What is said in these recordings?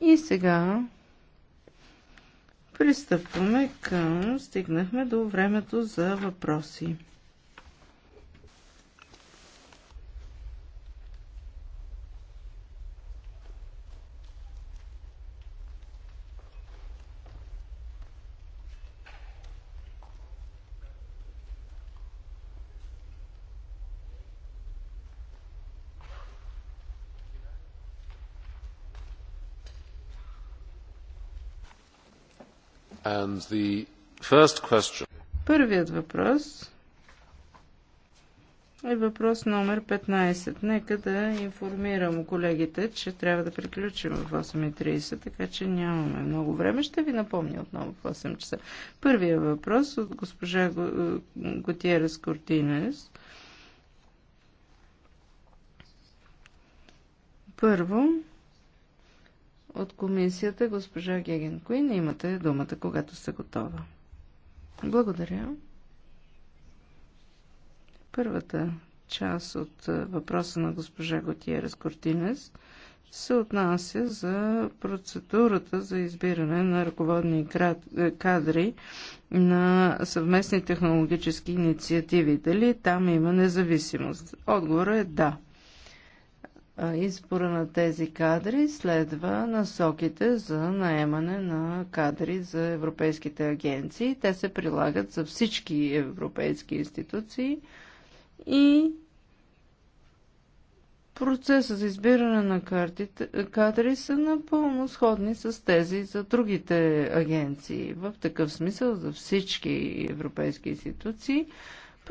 И сега пристъпваме към... Стигнахме до времето за въпроси. Първият въпрос е въпрос номер 15. Нека да информирам колегите, че трябва да приключим в 8.30, така че нямаме много време. Ще ви напомня отново в 8 часа. Първият въпрос от госпожа Готиерес Кортинес. Първо, от комисията госпожа Геген Куин. Имате думата, когато сте готова. Благодаря. Първата част от въпроса на госпожа Готиерес Кортинес се отнася за процедурата за избиране на ръководни е, кадри на съвместни технологически инициативи. Дали там има независимост? Отговорът е да избора на тези кадри следва насоките за наемане на кадри за европейските агенции. Те се прилагат за всички европейски институции и процеса за избиране на кадри са напълно сходни с тези за другите агенции. В такъв смисъл за всички европейски институции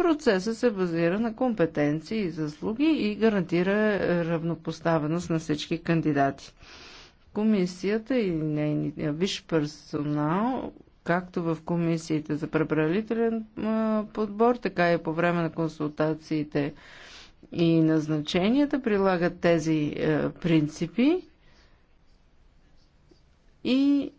Процесът се базира на компетенции и заслуги и гарантира равнопоставеност на всички кандидати. Комисията и нейния виш персонал, както в комисиите за преправителен подбор, така и по време на консултациите и назначенията, прилагат тези е, принципи и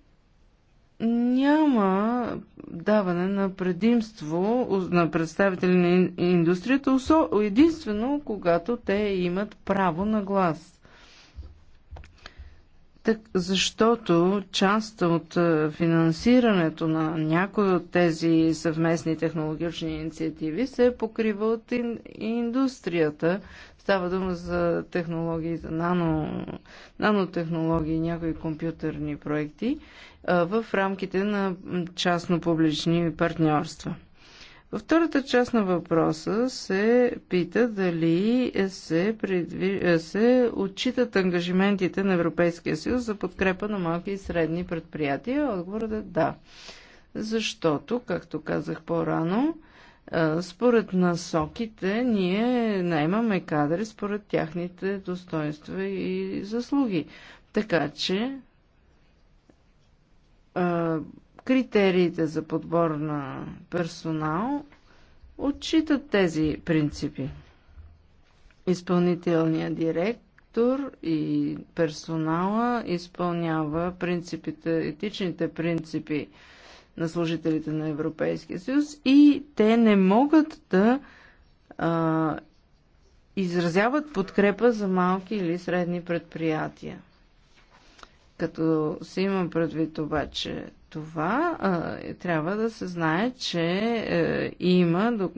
даване на предимство на представители на индустрията, единствено когато те имат право на глас. Так, защото част от е, финансирането на някои от тези съвместни технологични инициативи се покрива от индустрията. Става дума за технологии, за нано, нанотехнологии, някои компютърни проекти в рамките на частно-публични партньорства. Във втората част на въпроса се пита дали се, предви... Е, се отчитат ангажиментите на Европейския съюз за подкрепа на малки и средни предприятия. Отговорът е да. Защото, както казах по-рано, е, според насоките ние наймаме кадри според тяхните достоинства и заслуги. Така че критериите за подбор на персонал отчитат тези принципи. Изпълнителният директор и персонала изпълнява принципите, етичните принципи на служителите на Европейския съюз и те не могат да а, изразяват подкрепа за малки или средни предприятия. Като се има предвид обаче това, е, трябва да се знае, че е, има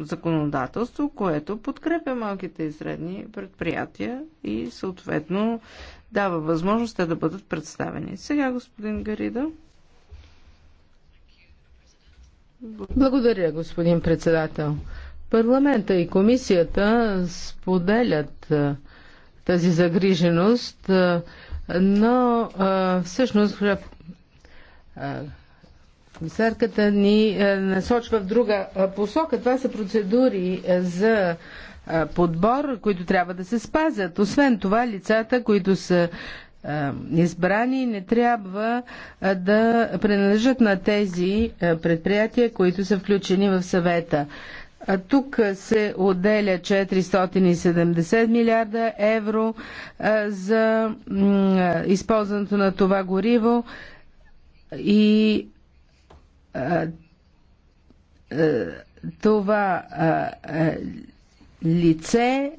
законодателство, което подкрепя малките и средни предприятия и съответно дава възможност те да бъдат представени. Сега господин Гарида. Благодаря, господин председател. Парламента и комисията споделят е, тази загриженост но а, всъщност а, комисарката ни а, насочва в друга посока. Това са процедури за подбор, които трябва да се спазят. Освен това, лицата, които са избрани, не трябва да принадлежат на тези предприятия, които са включени в съвета. А тук се отделя 470 милиарда евро за използването на това гориво и това лице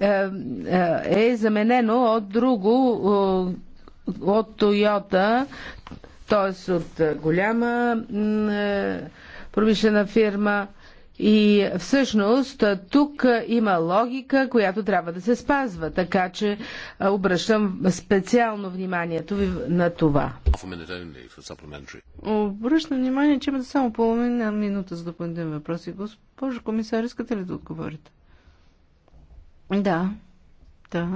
е заменено от друго от Тойота, т.е. от голяма промишлена фирма. И всъщност тук има логика, която трябва да се спазва, така че обръщам специално вниманието ви на това. Обръщам внимание, че имате само половина минута за допълнителни въпроси. Госпожо комисар, искате ли да отговорите? Да, да,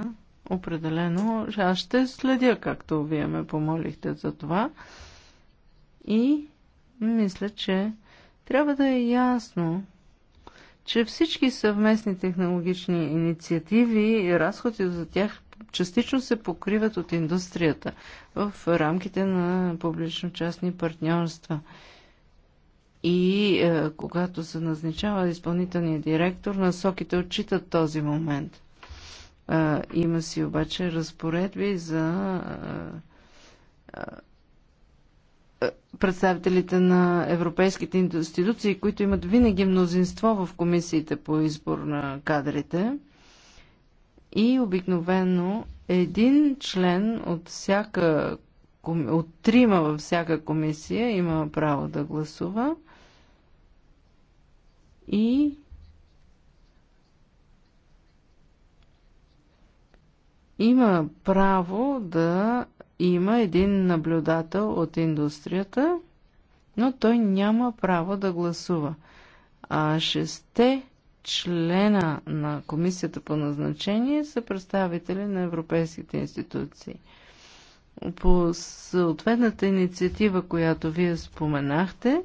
определено. Аз ще следя, както вие ме помолихте за това. И мисля, че трябва да е ясно, че всички съвместни технологични инициативи и разходи за тях частично се покриват от индустрията в рамките на публично-частни партньорства. И е, когато се назначава изпълнителният директор, насоките отчитат този момент. Е, има си обаче разпоредби за е, е е, представителите на европейските институции, които имат винаги мнозинство в комисиите по избор на кадрите. И обикновено един член от всяка от трима във всяка комисия има право да гласува и има право да има един наблюдател от индустрията, но той няма право да гласува. А шесте члена на комисията по назначение са представители на европейските институции. По съответната инициатива, която вие споменахте,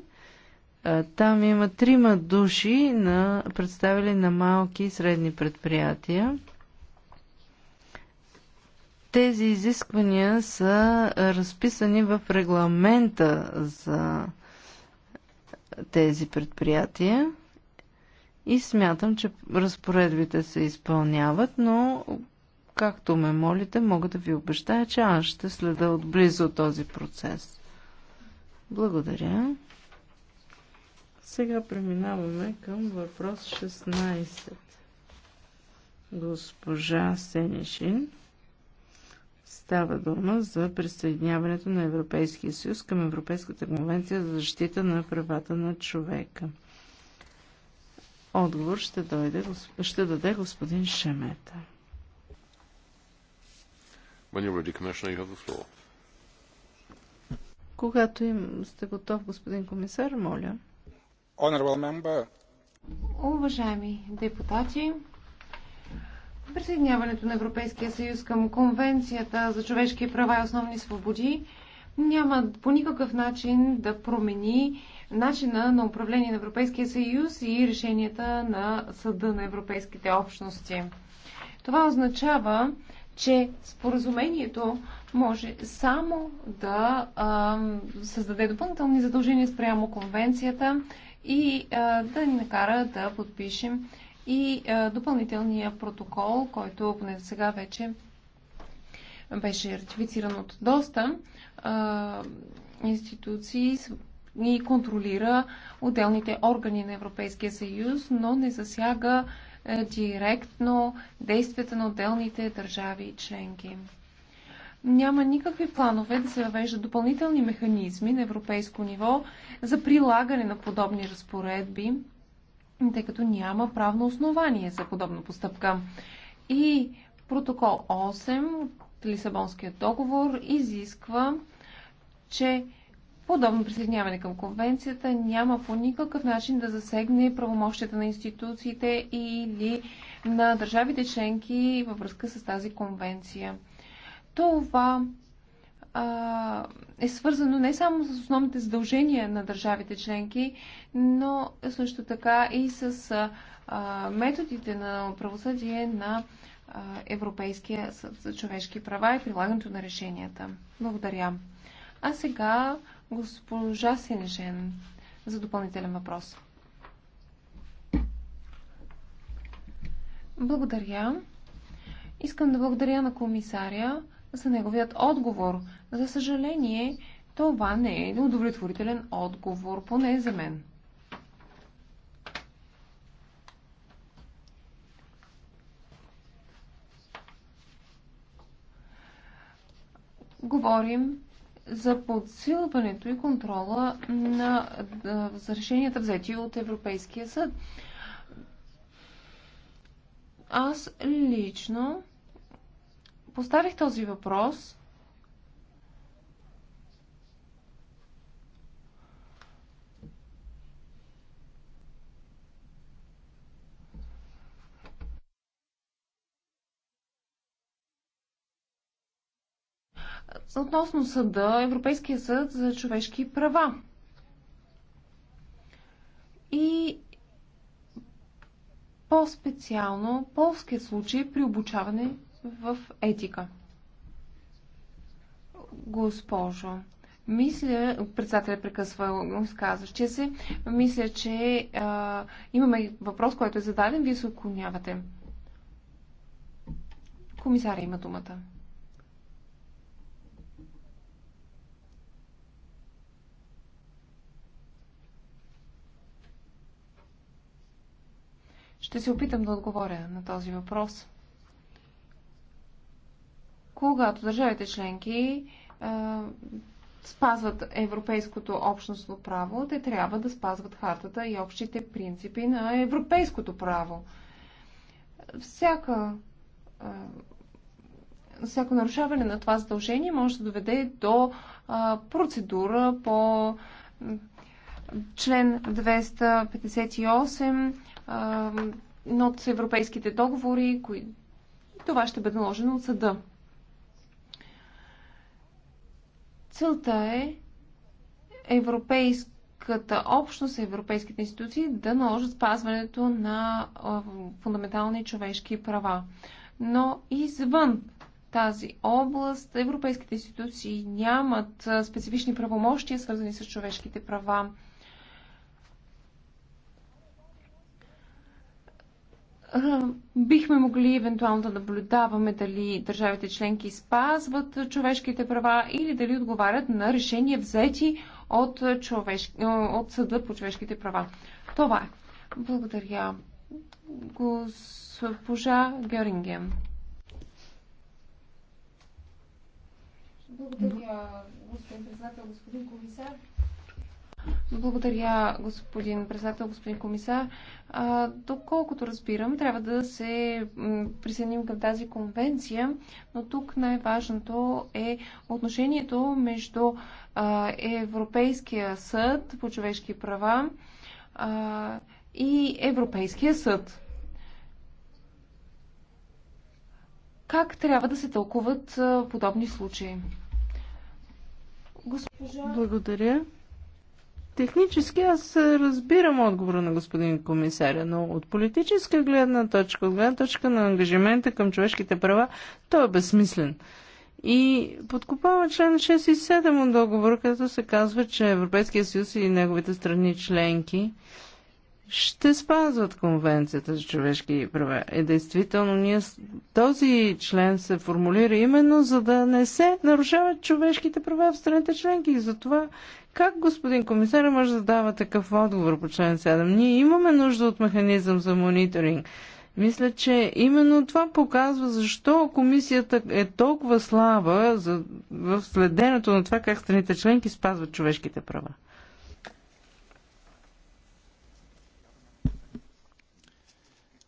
там има трима души на представители на малки и средни предприятия. Тези изисквания са разписани в регламента за тези предприятия и смятам, че разпоредбите се изпълняват, но както ме молите, мога да ви обещая, че аз ще следа отблизо този процес. Благодаря. Сега преминаваме към въпрос 16. Госпожа Сенишин. Става дума за присъединяването на Европейския съюз към Европейската конвенция за защита на правата на човека. Отговор ще, дойде, ще даде господин Шемета. Когато им сте готов, господин комисар, моля. Honorable member. Уважаеми депутати, присъединяването на Европейския съюз към Конвенцията за човешки права и основни свободи няма по никакъв начин да промени начина на управление на Европейския съюз и решенията на Съда на Европейските общности. Това означава, че споразумението може само да а, създаде допълнителни задължения спрямо конвенцията и а, да ни накара да подпишем и е, допълнителния протокол, който поне сега вече беше ратифициран от доста е, институции и контролира отделните органи на Европейския съюз, но не засяга е, директно действията на отделните държави и членки. Няма никакви планове да се въвеждат допълнителни механизми на европейско ниво за прилагане на подобни разпоредби тъй като няма правно основание за подобна постъпка. И протокол 8 от Лисабонския договор изисква, че подобно присъединяване към конвенцията няма по никакъв начин да засегне правомощията на институциите или на държавите членки във връзка с тази конвенция. Това а, е свързано не само с основните задължения на държавите членки, но също така и с а, методите на правосъдие на а, Европейския съд за човешки права и прилагането на решенията. Благодаря. А сега госпожа Сенешен за допълнителен въпрос. Благодаря. Искам да благодаря на комисаря за неговият отговор. За съжаление, това не е удовлетворителен отговор, поне за мен. Говорим за подсилването и контрола на, за решенията взети от Европейския съд. Аз лично Поставих този въпрос относно съда, Европейския съд за човешки права. И по-специално полския случай при обучаване в етика. Госпожо, мисля, председателят прекъсва изказващия се, мисля, че а, имаме въпрос, който е зададен, вие се отклонявате. Комисаря има думата. Ще се опитам да отговоря на този въпрос когато държавите членки спазват европейското общностно право, те трябва да спазват хартата и общите принципи на европейското право. Всяка, а, всяко нарушаване на това задължение може да доведе до а, процедура по член 258 а, от европейските договори, кои... това ще бъде наложено от съда. Целта е европейската общност, европейските институции да наложат спазването на фундаментални човешки права. Но извън тази област европейските институции нямат специфични правомощия, свързани с човешките права. Е, бихме могли евентуално да наблюдаваме дали държавите членки спазват човешките права или дали отговарят на решения взети от, човеш... Е, от съда по човешките права. Това е. Благодаря. Госпожа Геринген. Благодаря, господин председател, господин комисар. Благодаря, господин председател, господин комисар. А, доколкото разбирам, трябва да се присъединим към тази конвенция, но тук най-важното е отношението между а, Европейския съд по човешки права а, и Европейския съд. Как трябва да се тълкуват подобни случаи? Госпожа... Благодаря. Технически аз разбирам отговора на господин комисаря, но от политическа гледна точка, от гледна точка на ангажимента към човешките права, той е безсмислен. И подкупава член 6 и 7 от договора, където се казва, че Европейския съюз и неговите страни членки ще спазват Конвенцията за човешки права. И е, действително, ние, този член се формулира именно за да не се нарушават човешките права в страните членки. И затова как, господин комисар, може да дава такъв отговор по член 7? Ние имаме нужда от механизъм за мониторинг. Мисля, че именно това показва защо комисията е толкова слаба за, в следенето на това как страните членки спазват човешките права.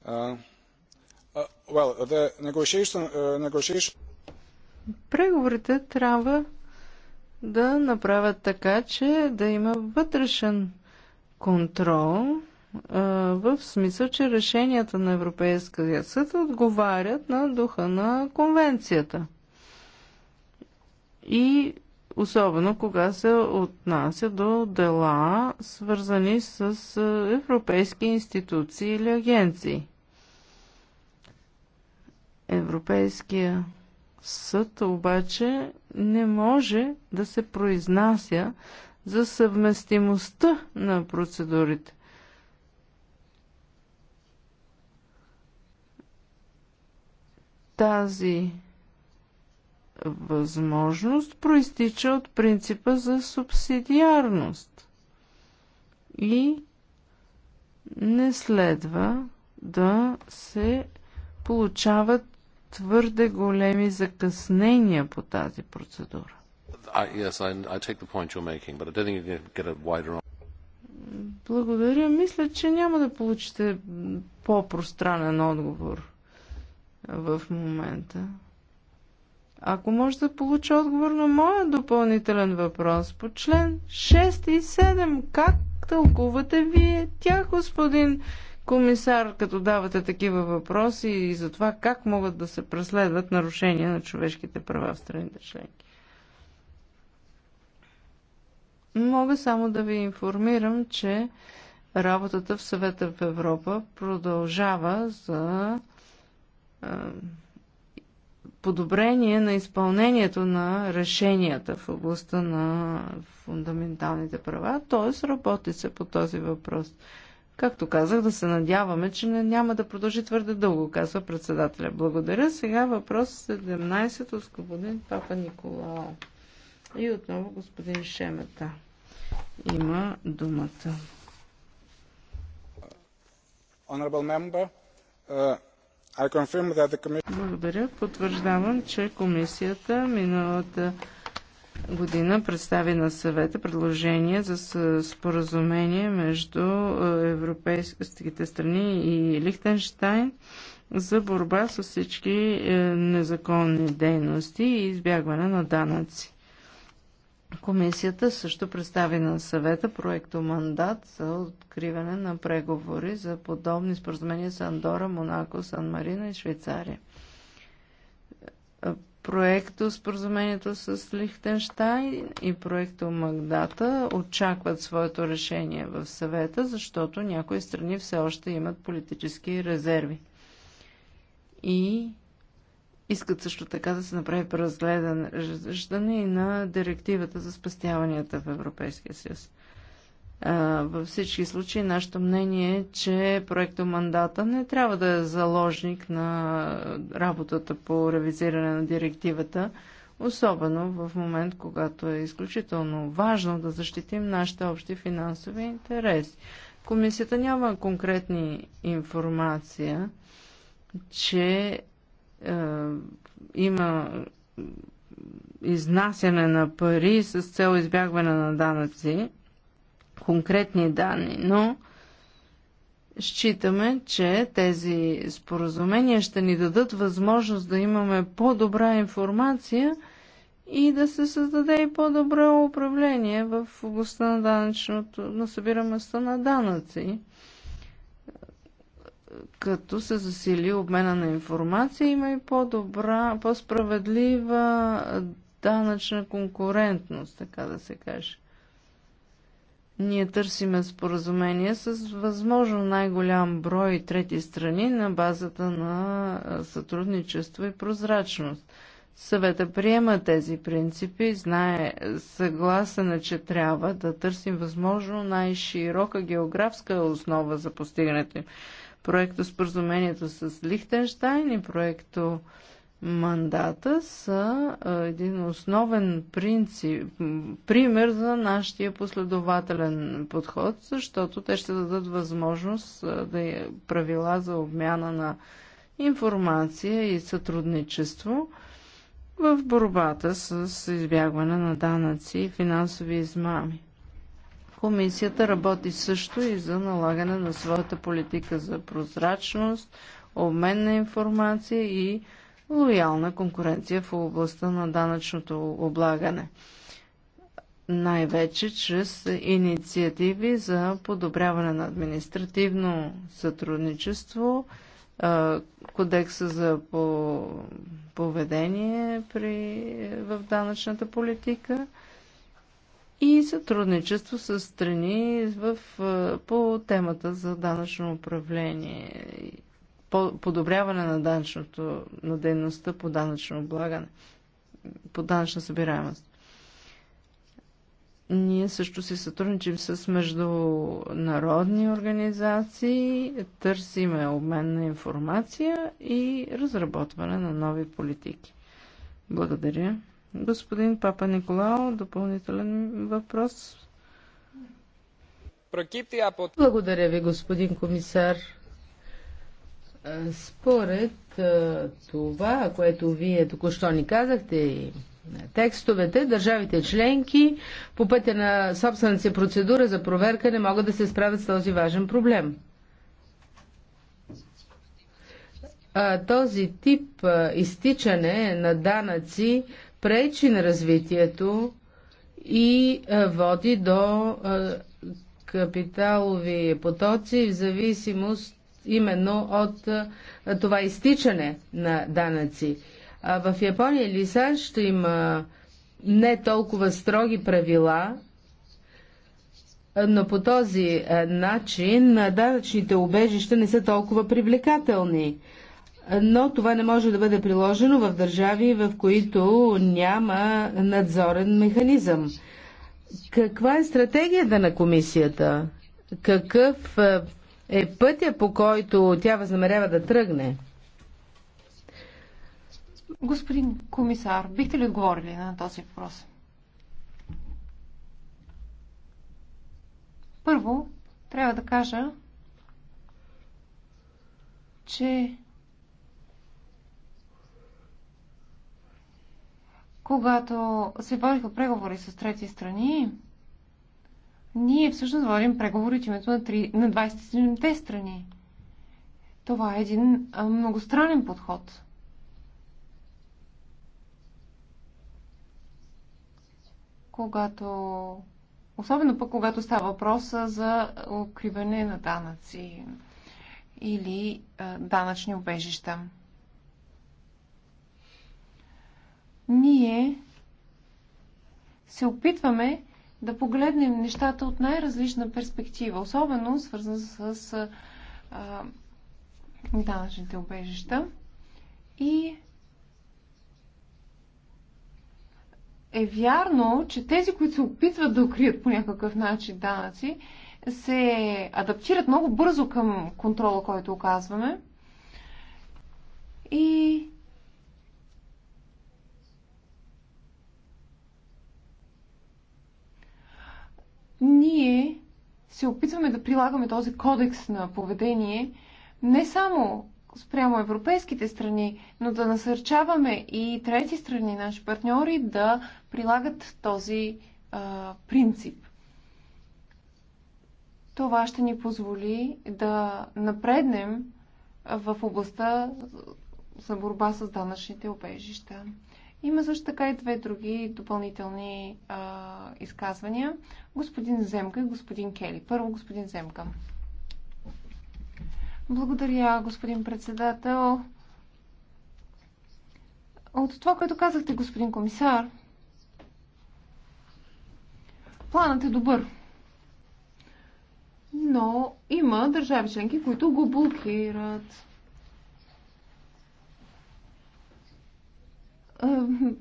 Uh, uh, well, negotiation, uh, negotiation... Преговорите трябва да направят така, че да има вътрешен контрол в смисъл, че решенията на Европейския съд отговарят на духа на конвенцията. И особено кога се отнася до дела, свързани с европейски институции или агенции. Европейския съд обаче не може да се произнася за съвместимостта на процедурите. Тази възможност проистича от принципа за субсидиарност и не следва да се получават твърде големи закъснения по тази процедура. Благодаря. Мисля, че няма да получите по-пространен отговор в момента. Ако може да получа отговор на моя допълнителен въпрос по член 6 и 7, как тълкувате вие тя, господин комисар, като давате такива въпроси и за това как могат да се преследват нарушения на човешките права в страните членки. Мога само да ви информирам, че работата в съвета в Европа продължава за подобрение на изпълнението на решенията в областта на фундаменталните права, т.е. работи се по този въпрос. Както казах, да се надяваме, че не, няма да продължи твърде дълго, казва председателя. Благодаря. Сега въпрос 17 от господин Папа Николао. И отново господин Шемета има думата. Uh, Благодаря. Потвърждавам, че комисията миналата година представи на съвета предложение за споразумение между е, европейските страни и Лихтенштайн за борба с всички е, незаконни дейности и избягване на данъци. Комисията също представи на съвета проекто мандат за откриване на преговори за подобни споразумения с Андора, Монако, Сан Марина и Швейцария проекто споразумението с Лихтенштайн и проекто Магдата очакват своето решение в съвета, защото някои страни все още имат политически резерви. И искат също така да се направи преразгледане и на директивата за спестяванията в Европейския съюз. Във всички случаи нашето мнение е, че проектомандата не трябва да е заложник на работата по ревизиране на директивата, особено в момент, когато е изключително важно да защитим нашите общи финансови интереси. Комисията няма конкретни информация, че е, има изнасяне на пари с цел избягване на данъци конкретни данни, но считаме, че тези споразумения ще ни дадат възможност да имаме по-добра информация и да се създаде и по-добро управление в областта на данъчното, на събираместа на данъци, като се засили обмена на информация, има и по-добра, по-справедлива данъчна конкурентност, така да се каже. Ние търсиме споразумение с възможно най-голям брой трети страни на базата на сътрудничество и прозрачност. Съвета приема тези принципи, знае, съгласен е, че трябва да търсим възможно най-широка географска основа за постигането им. Проекто споразумението с Лихтенштайн и проекто мандата са един основен принцип, пример за нашия последователен подход, защото те ще дадат възможност да е правила за обмяна на информация и сътрудничество в борбата с избягване на данъци и финансови измами. Комисията работи също и за налагане на своята политика за прозрачност, обмен на информация и лоялна конкуренция в областта на данъчното облагане. Най-вече чрез инициативи за подобряване на административно сътрудничество, кодекса за поведение при, в данъчната политика и сътрудничество с страни в, по темата за данъчно управление и подобряване на данъчното, на дейността по данъчно облагане, по данъчна събираемост. Ние също си сътрудничим с международни организации, търсиме обмен на информация и разработване на нови политики. Благодаря. Господин Папа Николао, допълнителен въпрос. Благодаря ви, господин комисар. Според това, което вие току-що ни казахте и текстовете, държавите членки по пътя на собствената си процедура за проверка не могат да се справят с този важен проблем. Този тип изтичане на данъци пречи на развитието и води до капиталови потоци в зависимост именно от това изтичане на данъци. А в Япония или САЩ има не толкова строги правила, но по този начин данъчните убежища не са толкова привлекателни. Но това не може да бъде приложено в държави, в които няма надзорен механизъм. Каква е стратегията на комисията? Какъв е пътя, по който тя възнамерява да тръгне. Господин комисар, бихте ли отговорили на този въпрос? Първо, трябва да кажа, че когато се водиха преговори с трети страни, ние всъщност водим преговори от името на, 3, на 27-те страни. Това е един многостранен подход. Когато Особено пък, когато става въпроса за укриване на данъци или данъчни убежища. Ние се опитваме да погледнем нещата от най-различна перспектива, особено свързана с а, данъчните обежища. И е вярно, че тези, които се опитват да укрият по някакъв начин данъци, се адаптират много бързо към контрола, който оказваме. И ние се опитваме да прилагаме този кодекс на поведение не само спрямо европейските страни, но да насърчаваме и трети страни, наши партньори, да прилагат този а, принцип. Това ще ни позволи да напреднем в областта за борба с данъчните обежища. Има също така и две други допълнителни а, изказвания. Господин Земка и господин Кели. Първо господин Земка. Благодаря, господин председател. От това, което казахте, господин комисар, планът е добър. Но има държави членки, които го блокират.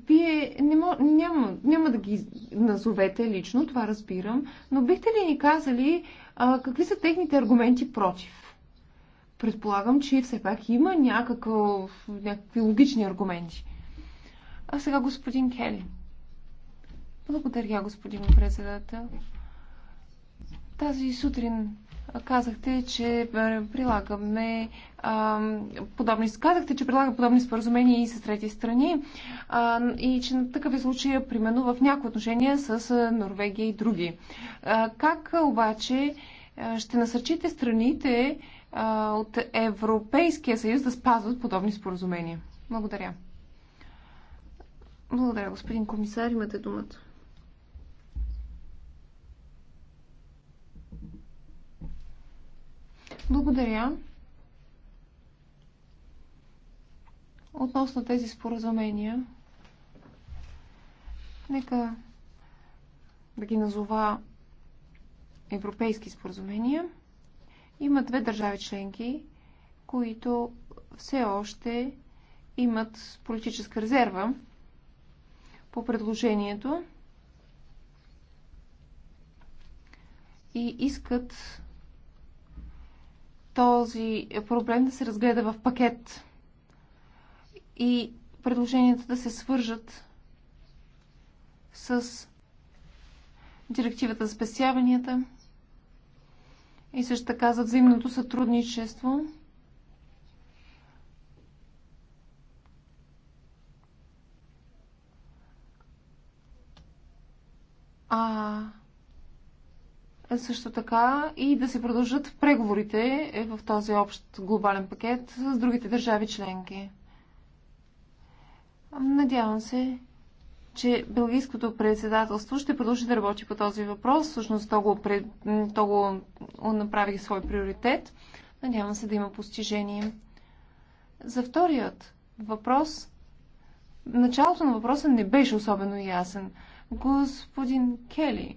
вие не мож, няма, няма да ги назовете лично, това разбирам, но бихте ли ни казали а, какви са техните аргументи против? Предполагам, че все пак има някакво, някакви логични аргументи. А сега господин Кели. Благодаря, господин председател. Тази сутрин казахте, че е, прилагаме а, подобни, казахте, че прилагаме подобни споразумения и с трети страни а, и че на такъв е примерно, в някои отношения с Норвегия и други. А, как обаче ще насърчите страните от Европейския съюз да спазват подобни споразумения? Благодаря. Благодаря, господин комисар. Имате думата. Благодаря. Относно тези споразумения, нека да ги назова европейски споразумения. Има две държави членки, които все още имат политическа резерва по предложението и искат този проблем да се разгледа в пакет и предложенията да се свържат с директивата за спестяванията и също така за взаимното сътрудничество. А също така и да се продължат преговорите е, в този общ глобален пакет с другите държави членки. Надявам се, че Белгийското председателство ще продължи да работи по този въпрос. Всъщност то го, пред... то го направи свой приоритет. Надявам се да има постижение. За вторият въпрос, началото на въпроса не беше особено ясен. Господин Кели,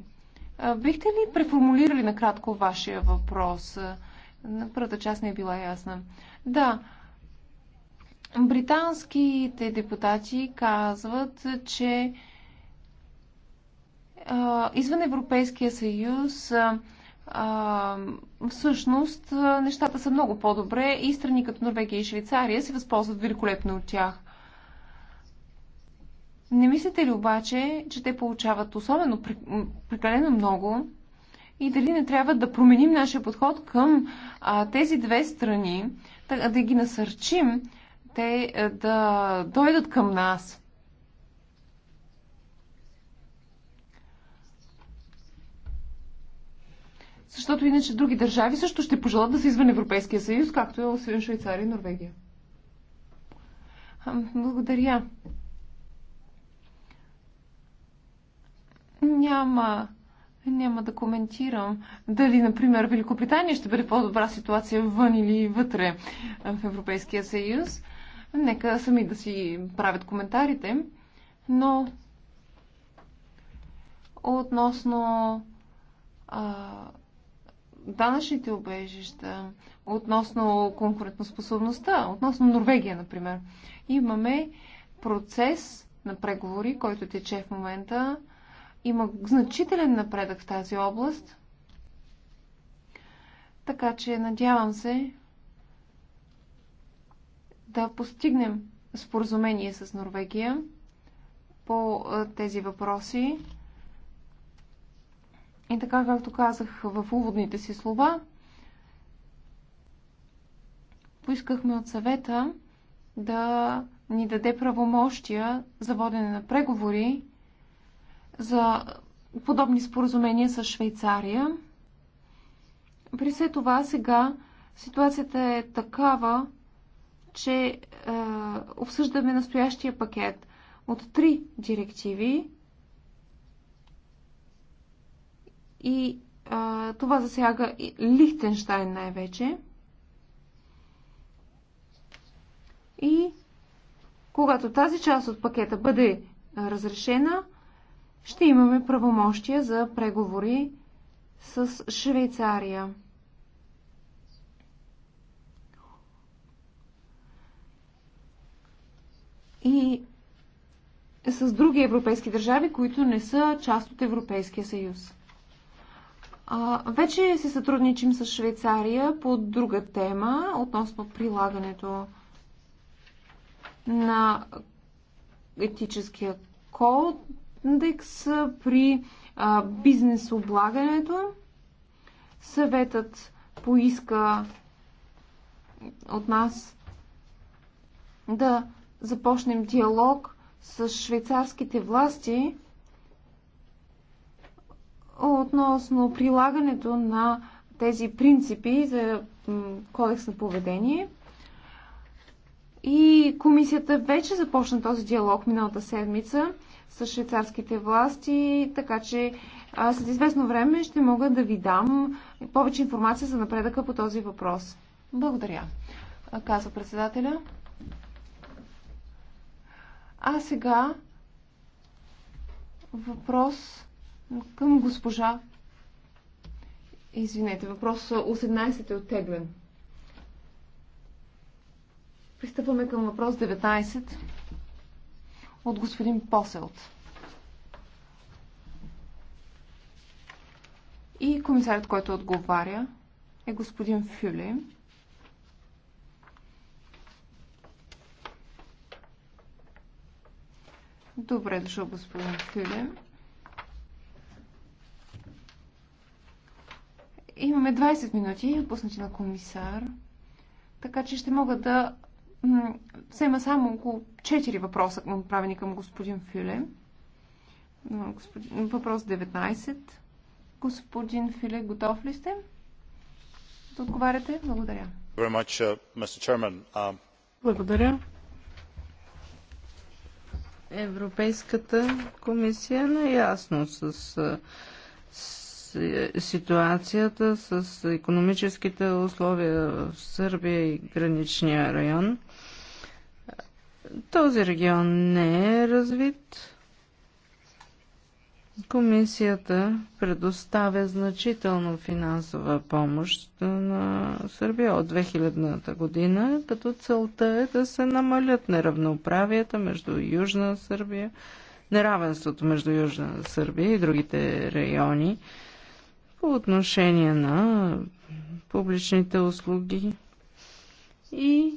Бихте ли преформулирали накратко вашия въпрос? На първата част не е била ясна. Да, британските депутати казват, че извън Европейския съюз всъщност нещата са много по-добре и страни като Норвегия и Швейцария се възползват великолепно от тях. Не мислите ли обаче, че те получават особено прекалено много и дали не трябва да променим нашия подход към а, тези две страни, да, да ги насърчим те е, да дойдат към нас? Защото иначе други държави също ще пожелат да са извън Европейския съюз, както е освен Швейцария и Норвегия. Благодаря. Няма, няма да коментирам дали, например, Великобритания ще бъде по-добра ситуация вън или вътре в Европейския съюз. Нека сами да си правят коментарите. Но относно а, данъчните обежища, относно конкурентоспособността, относно Норвегия, например. Имаме процес на преговори, който тече в момента има значителен напредък в тази област, така че надявам се да постигнем споразумение с Норвегия по тези въпроси. И така, както казах в уводните си слова, поискахме от съвета да ни даде правомощия за водене на преговори за подобни споразумения с Швейцария. При все това сега ситуацията е такава, че е, обсъждаме настоящия пакет от три директиви и е, това засяга и Лихтенштайн най-вече. И когато тази част от пакета бъде е, разрешена, ще имаме правомощия за преговори с Швейцария. И с други европейски държави, които не са част от Европейския съюз. А, вече се сътрудничим с Швейцария по друга тема относно прилагането на етическия код индекс при бизнес облагането. Съветът поиска от нас да започнем диалог с швейцарските власти относно прилагането на тези принципи за кодекс на поведение. И комисията вече започна този диалог миналата седмица с швейцарските власти, така че след известно време ще мога да ви дам повече информация за напредъка по този въпрос. Благодаря, казва председателя. А сега въпрос към госпожа. Извинете, въпрос 18 е оттеглен. Пристъпваме към въпрос 19 от господин Поселт. И комисарят, който отговаря, е господин Фюле. Добре е дошъл, господин Фюле. Имаме 20 минути, отпуснати на комисар, така че ще мога да взема само около 4 въпроса, отправени към господин Филе. Господин, въпрос 19. Господин Филе, готов ли сте да отговаряте? Благодаря. Uh, um, Благодаря. Европейската комисия е наясно с ситуацията с економическите условия в Сърбия и граничния район. Този регион не е развит. Комисията предоставя значително финансова помощ на Сърбия от 2000-та година, като целта е да се намалят неравноправията между Южна Сърбия, неравенството между Южна Сърбия и другите райони по отношение на публичните услуги и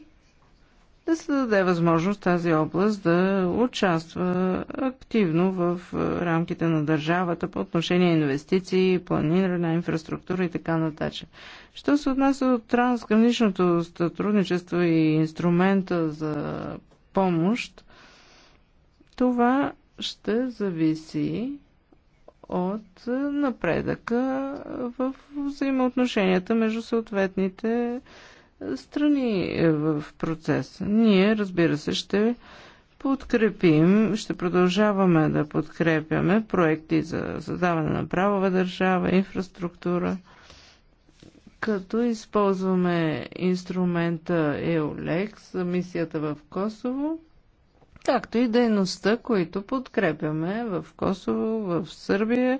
да се даде възможност тази област да участва активно в рамките на държавата по отношение на инвестиции, планиране на инфраструктура и така нататък. Що се отнася от трансграничното сътрудничество и инструмента за помощ, това ще зависи от е, напредъка в взаимоотношенията между съответните е, страни е, в процеса. Ние, разбира се, ще подкрепим, ще продължаваме да подкрепяме проекти за създаване на правова държава, инфраструктура, като използваме инструмента EOLEX за мисията в Косово както и дейността, които подкрепяме в Косово, в Сърбия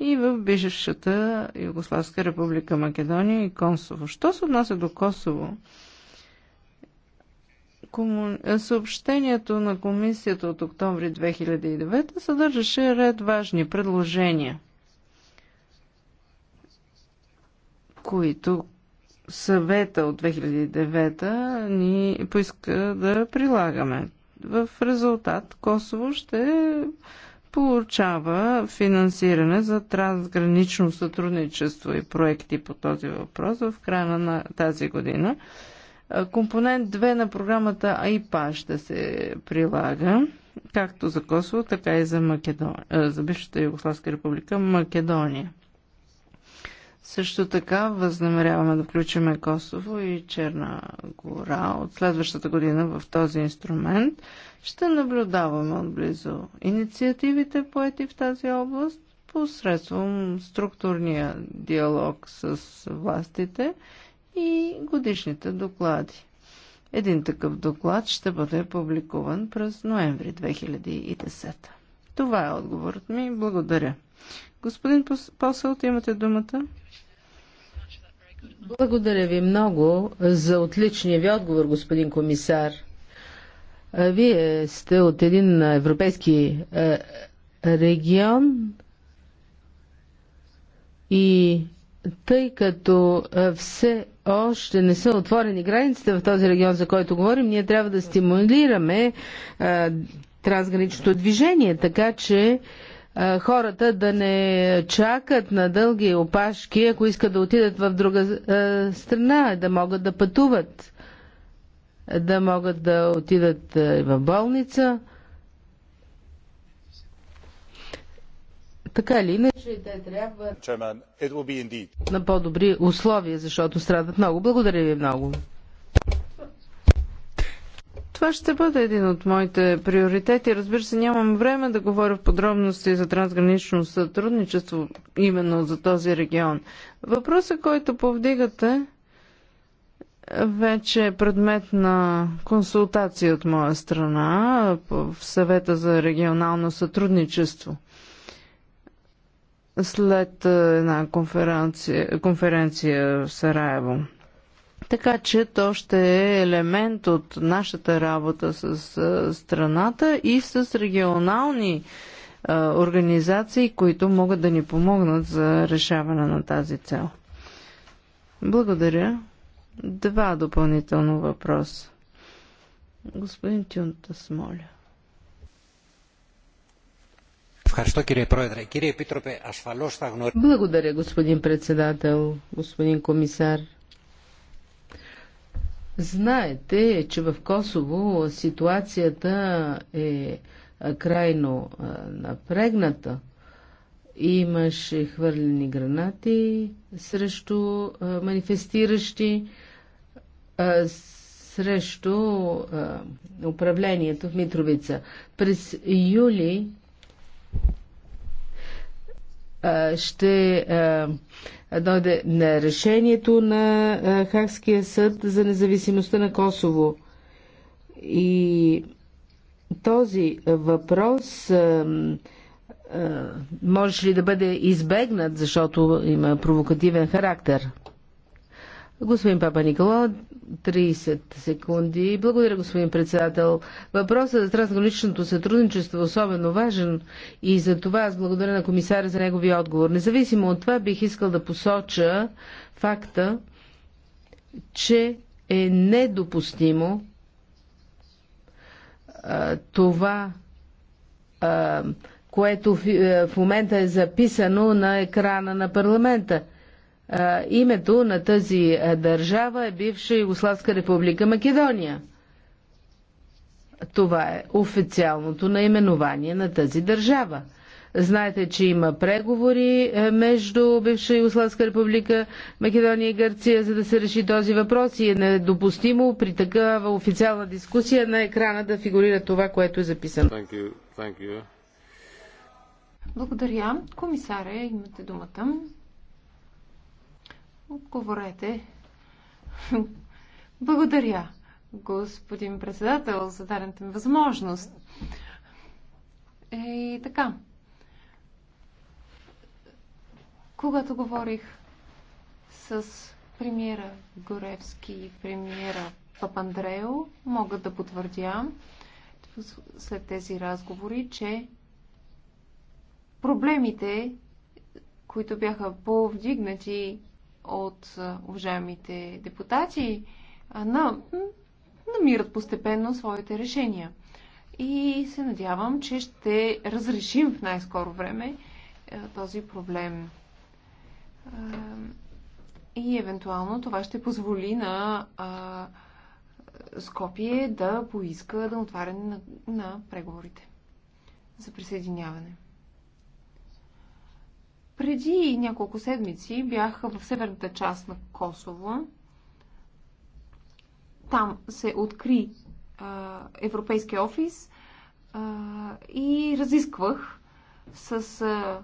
и в бившата Югославска република Македония и Косово. Що се отнася до Косово? Кому... Съобщението на комисията от октомври 2009 съдържаше ред важни предложения, които съвета от 2009 ни поиска да прилагаме в резултат Косово ще получава финансиране за трансгранично сътрудничество и проекти по този въпрос в края на тази година. Компонент 2 на програмата АИПА ще се прилага както за Косово, така и за, Македон... за бившата Югославска република Македония. Също така възнамеряваме да включим Косово и Черна гора от следващата година в този инструмент. Ще наблюдаваме отблизо инициативите поети в тази област посредством структурния диалог с властите и годишните доклади. Един такъв доклад ще бъде публикуван през ноември 2010. Това е отговорът ми. Благодаря. Господин Посълт, имате думата. Благодаря ви много за отличния ви отговор, господин комисар. Вие сте от един европейски регион и тъй като все още не са отворени границите в този регион, за който говорим, ние трябва да стимулираме трансграничното движение, така че хората да не чакат на дълги опашки, ако искат да отидат в друга страна, да могат да пътуват, да могат да отидат в болница. Така ли, иначе те трябва на по-добри условия, защото страдат много. Благодаря ви много. Това ще бъде един от моите приоритети. Разбира се, нямам време да говоря в подробности за трансгранично сътрудничество именно за този регион. Въпросът, който повдигате, вече е предмет на консултации от моя страна в съвета за регионално сътрудничество. След е, една конференция, конференция в Сараево. Така че то ще е елемент от нашата работа с страната и с регионални организации, които могат да ни помогнат за решаване на тази цел. Благодаря. Два допълнително въпроса. Господин Тюнтас, моля. Благодаря, господин председател, господин комисар. Знаете, че в Косово ситуацията е крайно напрегната. Имаше хвърлени гранати срещу манифестиращи, срещу управлението в Митровица. През юли ще дойде на решението на Хакския съд за независимостта на Косово. И този въпрос може ли да бъде избегнат, защото има провокативен характер? Господин Папа Никола, 30 секунди. Благодаря, господин председател. Въпросът за трансграничното сътрудничество е особено важен и за това аз благодаря на комисаря за неговия отговор. Независимо от това, бих искал да посоча факта, че е недопустимо а, това, а, което в, а, в момента е записано на екрана на парламента – името на тази държава е бивша Югославска република Македония. Това е официалното наименование на тази държава. Знаете, че има преговори между бивша Югославска република Македония и Гърция, за да се реши този въпрос и е недопустимо при такава официална дискусия на екрана да фигурира това, което е записано. Thank you. Thank you. Благодаря. Комисаре, имате думата. Отговорете. Благодаря, господин председател, за дадената ми възможност. Е, и така. Когато говорих с премиера Горевски и премиера Папандрео, мога да потвърдя след тези разговори, че проблемите, които бяха повдигнати от уважаемите депутати на, намират постепенно своите решения. И се надявам, че ще разрешим в най-скоро време този проблем. И евентуално това ще позволи на Скопие да поиска да отваряне на, на преговорите за присъединяване. Преди няколко седмици бях в северната част на Косово. Там се откри а, Европейския офис а, и разисквах с а,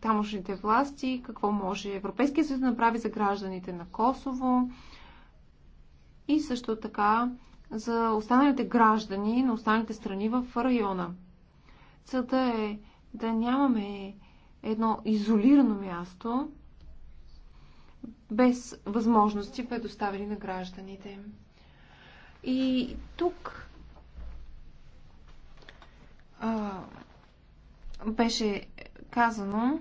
тамошните власти какво може Европейския съюз да направи за гражданите на Косово и също така за останалите граждани на останалите страни в района. Целта е да нямаме едно изолирано място, без възможности предоставени на гражданите. И тук а, беше казано,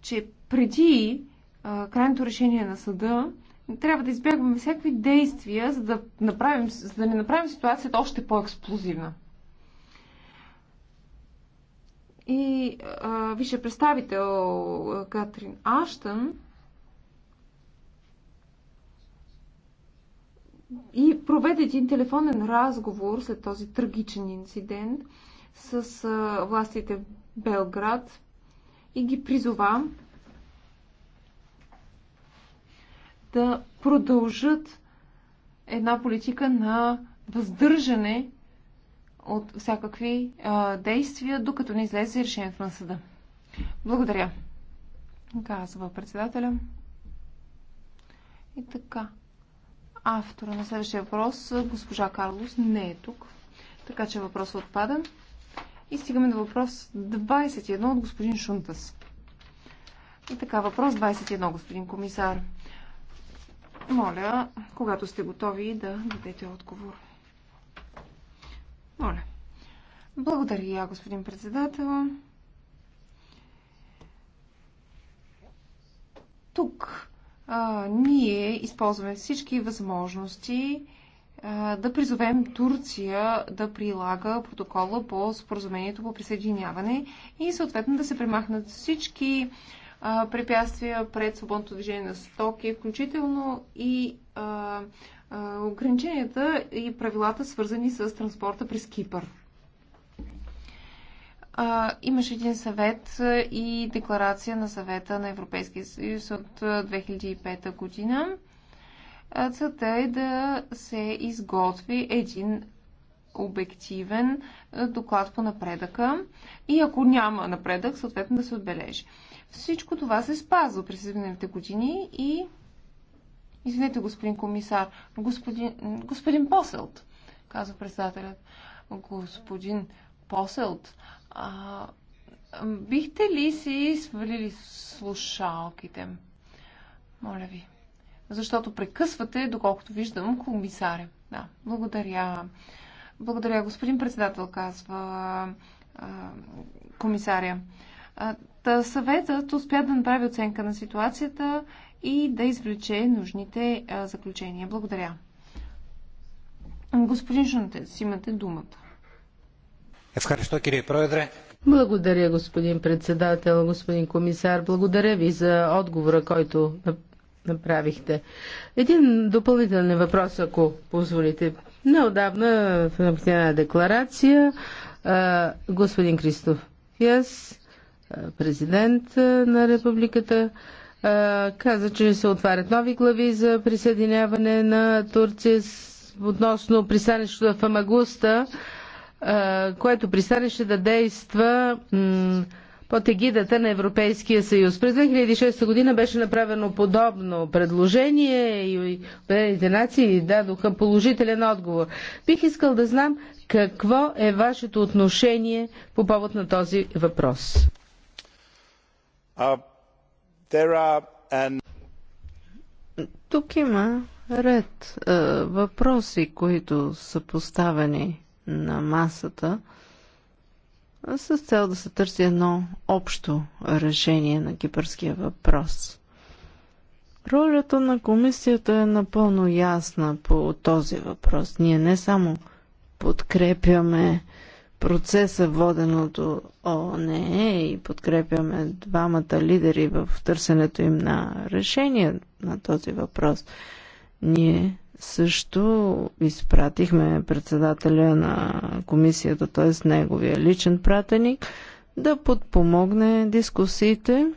че преди а, крайното решение на съда трябва да избягваме всякакви действия, за да, направим, за да не направим ситуацията още по-експлозивна и а, висше представител Катрин Аштън и проведе един телефонен разговор след този трагичен инцидент с а, властите в Белград и ги призова да продължат една политика на въздържане от всякакви а, действия, докато не излезе решението на съда. Благодаря, казва председателя. И така. Автора на следващия въпрос, госпожа Карлос, не е тук. Така че въпросът отпада. И стигаме до въпрос 21 от господин Шунтас. И така, въпрос 21, господин комисар. Моля, когато сте готови, да дадете отговор. Моля. Благодаря я, господин председател. Тук а, ние използваме всички възможности а, да призовем Турция да прилага протокола по споразумението по присъединяване и съответно да се премахнат всички а, препятствия пред свободното движение на стоки, включително и а, а, ограниченията и правилата, свързани с транспорта през Кипър. А, имаше един съвет и декларация на съвета на Европейския съюз от 2005 година. Целта е да се изготви един обективен доклад по напредъка и ако няма напредък, съответно да се отбележи. Всичко това се спазва през изминалите години и Извинете, господин комисар, господин, господин Поселт, казва председателят. Господин Поселт, а, бихте ли си свалили слушалките? Моля ви. Защото прекъсвате, доколкото виждам, комисаря. Да, благодаря. Благодаря, господин председател, казва а, комисаря. А, е, съветът успя да направи оценка на ситуацията и да извлече нужните е, заключения. Благодаря. Господин Шантец, имате думата. Ευχαριστώ кирие Πρόεδρε. Благодаря, господин председател, господин комисар. Благодаря ви за отговора, който направихте. Един допълнителен въпрос, ако позволите. Неодавна в една декларация господин Кристоф yes президент на републиката, каза, че се отварят нови глави за присъединяване на Турция относно пристанището в Амагуста, което пристанище да действа под егидата на Европейския съюз. През 2006 година беше направено подобно предложение и Обединените нации дадоха положителен отговор. Бих искал да знам какво е вашето отношение по повод на този въпрос. Uh, Тук има ред е, въпроси, които са поставени на масата с цел да се търси едно общо решение на кипърския въпрос. Ролята на комисията е напълно ясна по този въпрос. Ние не само подкрепяме процеса, воденото ООН и подкрепяме двамата лидери в търсенето им на решение на този въпрос. Ние също изпратихме председателя на комисията, т.е. неговия личен пратеник, да подпомогне дискусиите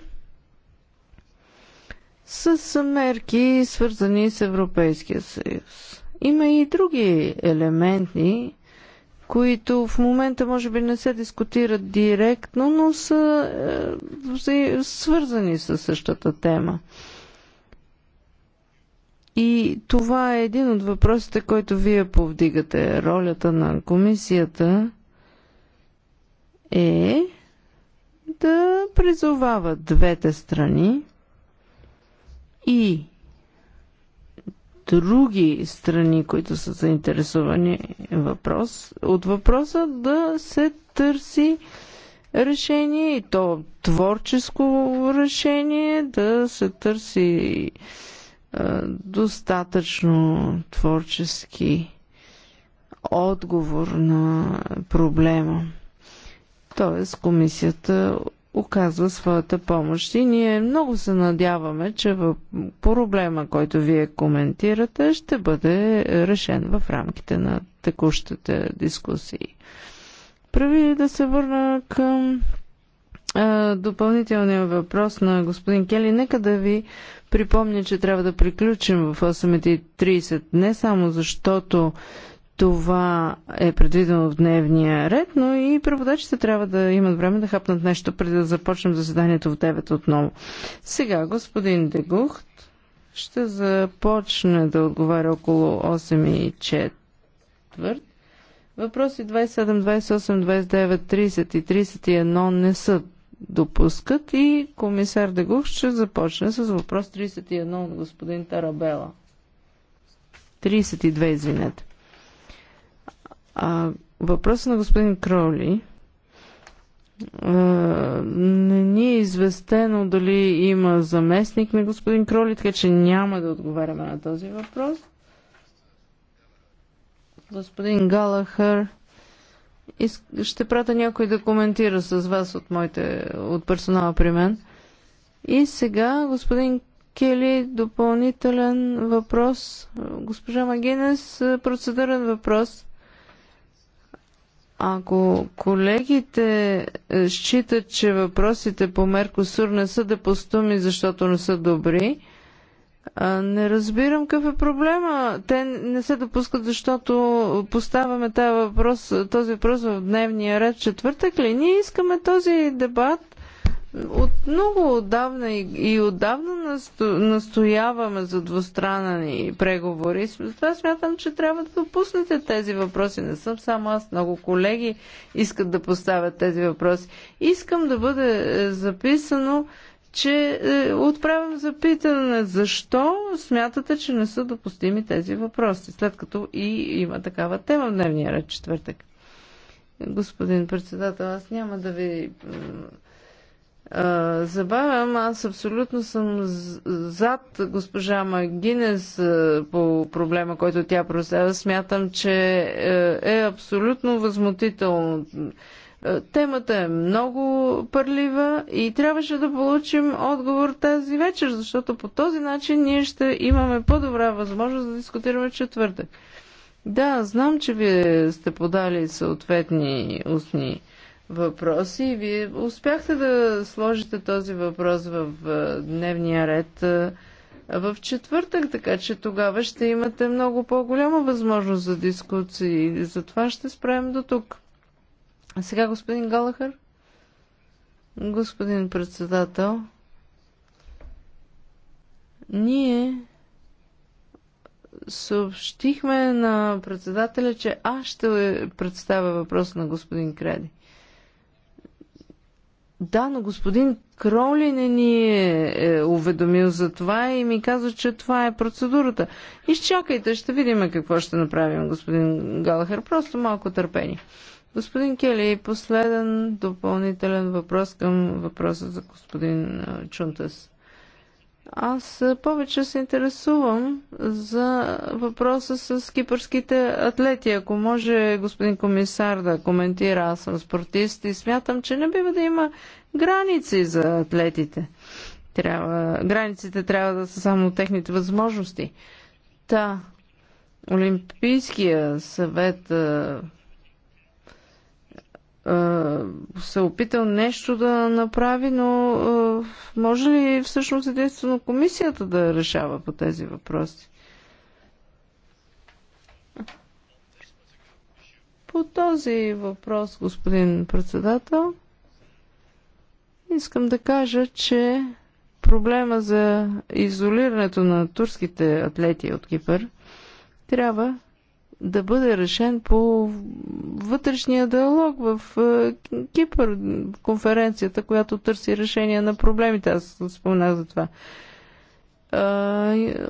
с мерки, свързани с Европейския съюз. Има и други елементи, които в момента може би не се дискутират директно, но са е, свързани с същата тема. И това е един от въпросите, който вие повдигате. Ролята на комисията е да призовава двете страни и други страни, които са заинтересовани въпрос, от въпроса да се търси решение и то творческо решение, да се търси а, достатъчно творчески отговор на проблема. Тоест комисията оказва своята помощ. И ние много се надяваме, че в проблема, който вие коментирате, ще бъде решен в рамките на текущите дискусии. Прави да се върна към а, допълнителния въпрос на господин Кели. Нека да ви припомня, че трябва да приключим в 8.30, не само защото това е предвидено в дневния ред, но и преводачите трябва да имат време да хапнат нещо преди да започнем заседанието в 9 отново. Сега господин Дегухт ще започне да отговаря около 8 и 4. Въпроси 27, 28, 29, 30 и 31 не са допускат и комисар Дегух ще започне с въпрос 31 от господин Тарабела. 32, извинете. А въпросът на господин Кроли не ни е известено дали има заместник на господин Кроли, така че няма да отговаряме на този въпрос. Господин Галахър, ще прата някой да коментира с вас от, моите, от персонала при мен. И сега, господин Кели, допълнителен въпрос. Госпожа Магинес, процедурен въпрос. Ако колегите е, считат, че въпросите по Меркосур не са депостуми, защото не са добри, не разбирам какъв е проблема. Те не се допускат, защото поставяме този въпрос в дневния ред четвъртък ли? Ние искаме този дебат от много отдавна и, и отдавна насто, настояваме за двустранни преговори. Затова смятам, че трябва да допуснете тези въпроси. Не съм само аз, много колеги искат да поставят тези въпроси. Искам да бъде е, записано, че е, отправям запитане защо смятате, че не са допустими тези въпроси, след като и има такава тема в дневния ред четвъртък. Господин председател, аз няма да ви забавям. Аз абсолютно съм зад госпожа Магинес по проблема, който тя представя. Смятам, че е, е абсолютно възмутително. Темата е много пърлива и трябваше да получим отговор тази вечер, защото по този начин ние ще имаме по-добра възможност да дискутираме четвъртък. Да, знам, че вие сте подали съответни устни въпроси и вие успяхте да сложите този въпрос в дневния ред в четвъртък, така че тогава ще имате много по-голяма възможност за дискусии. Затова ще спрем до тук. А сега господин Галахър. Господин председател, ние съобщихме на председателя, че аз ще представя въпрос на господин Креди. Да, но господин Кроли не ни е, е, уведомил за това и ми каза, че това е процедурата. Изчакайте, ще видим какво ще направим, господин Галахер. Просто малко търпение. Господин Кели, последен допълнителен въпрос към въпроса за господин Чунтес. Аз повече се интересувам за въпроса с кипърските атлети. Ако може господин комисар да коментира, аз съм спортист и смятам, че не бива да има граници за атлетите. Трябва, границите трябва да са само техните възможности. Та, Олимпийския съвет е, се опитал нещо да направи, но е, може ли всъщност единствено комисията да решава по тези въпроси? По този въпрос, господин председател, искам да кажа, че проблема за изолирането на турските атлети от Кипър трябва да бъде решен по вътрешния диалог в е, Кипър, конференцията, която търси решение на проблемите. Аз споменах за това.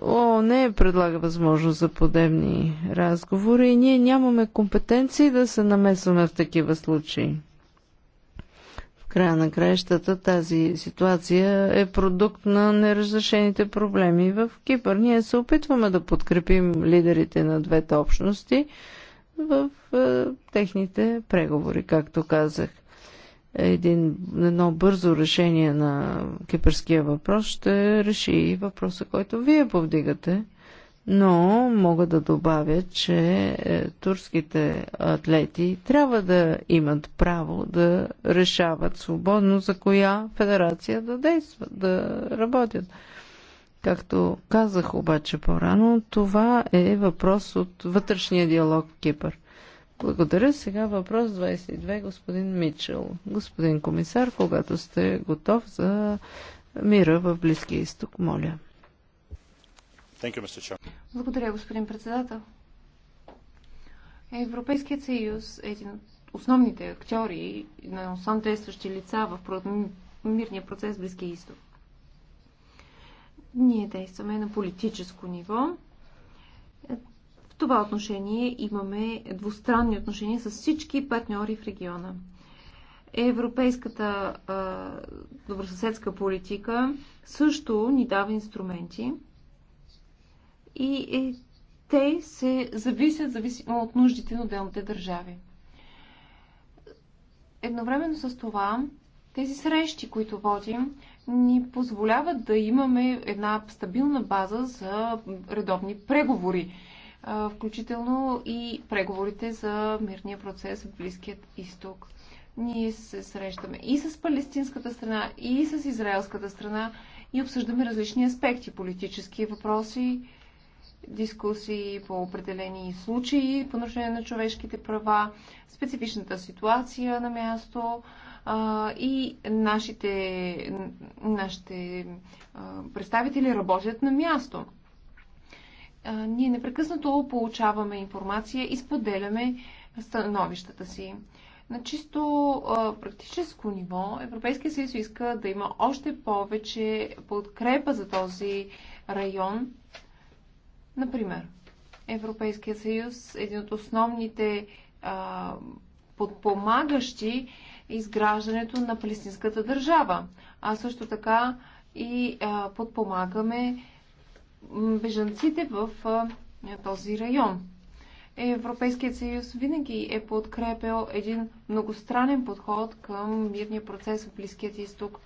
О, не предлага възможност за подебни разговори и ние нямаме компетенции да се намесваме в такива случаи края на краищата тази ситуация е продукт на неразрешените проблеми. В Кипър ние се опитваме да подкрепим лидерите на двете общности в е, техните преговори, както казах. Един, едно бързо решение на кипърския въпрос ще реши и въпроса, който вие повдигате – но мога да добавя, че е, турските атлети трябва да имат право да решават свободно за коя федерация да действат, да работят. Както казах обаче по-рано, това е въпрос от вътрешния диалог в Кипър. Благодаря. Сега въпрос 22, господин Мичел. Господин комисар, когато сте готов за мира в Близкия изток, моля. Thank you, благодаря, господин председател. Европейският съюз е един от основните актьори на основно действащи лица в мирния процес в Близкия изток. Ние действаме на политическо ниво. В това отношение имаме двустранни отношения с всички партньори в региона. Европейската добросъседска политика също ни дава инструменти – и, е, те се зависят зависимо от нуждите на отделните държави. Едновременно с това, тези срещи, които водим, ни позволяват да имаме една стабилна база за редовни преговори, включително и преговорите за мирния процес в Близкият изток. Ние се срещаме и с палестинската страна, и с израелската страна и обсъждаме различни аспекти, политически въпроси, дискусии по определени случаи, по нарушение на човешките права, специфичната ситуация на място а, и нашите, нашите а, представители работят на място. А, ние непрекъснато получаваме информация и споделяме становищата си. На чисто а, практическо ниво Европейския съюз иска да има още повече подкрепа за този район Например, Европейския съюз, е един от основните а, подпомагащи изграждането на палестинската държава. А също така и а, подпомагаме бежанците в а, този район. Европейският съюз винаги е подкрепил един многостранен подход към мирния процес в Близкият изток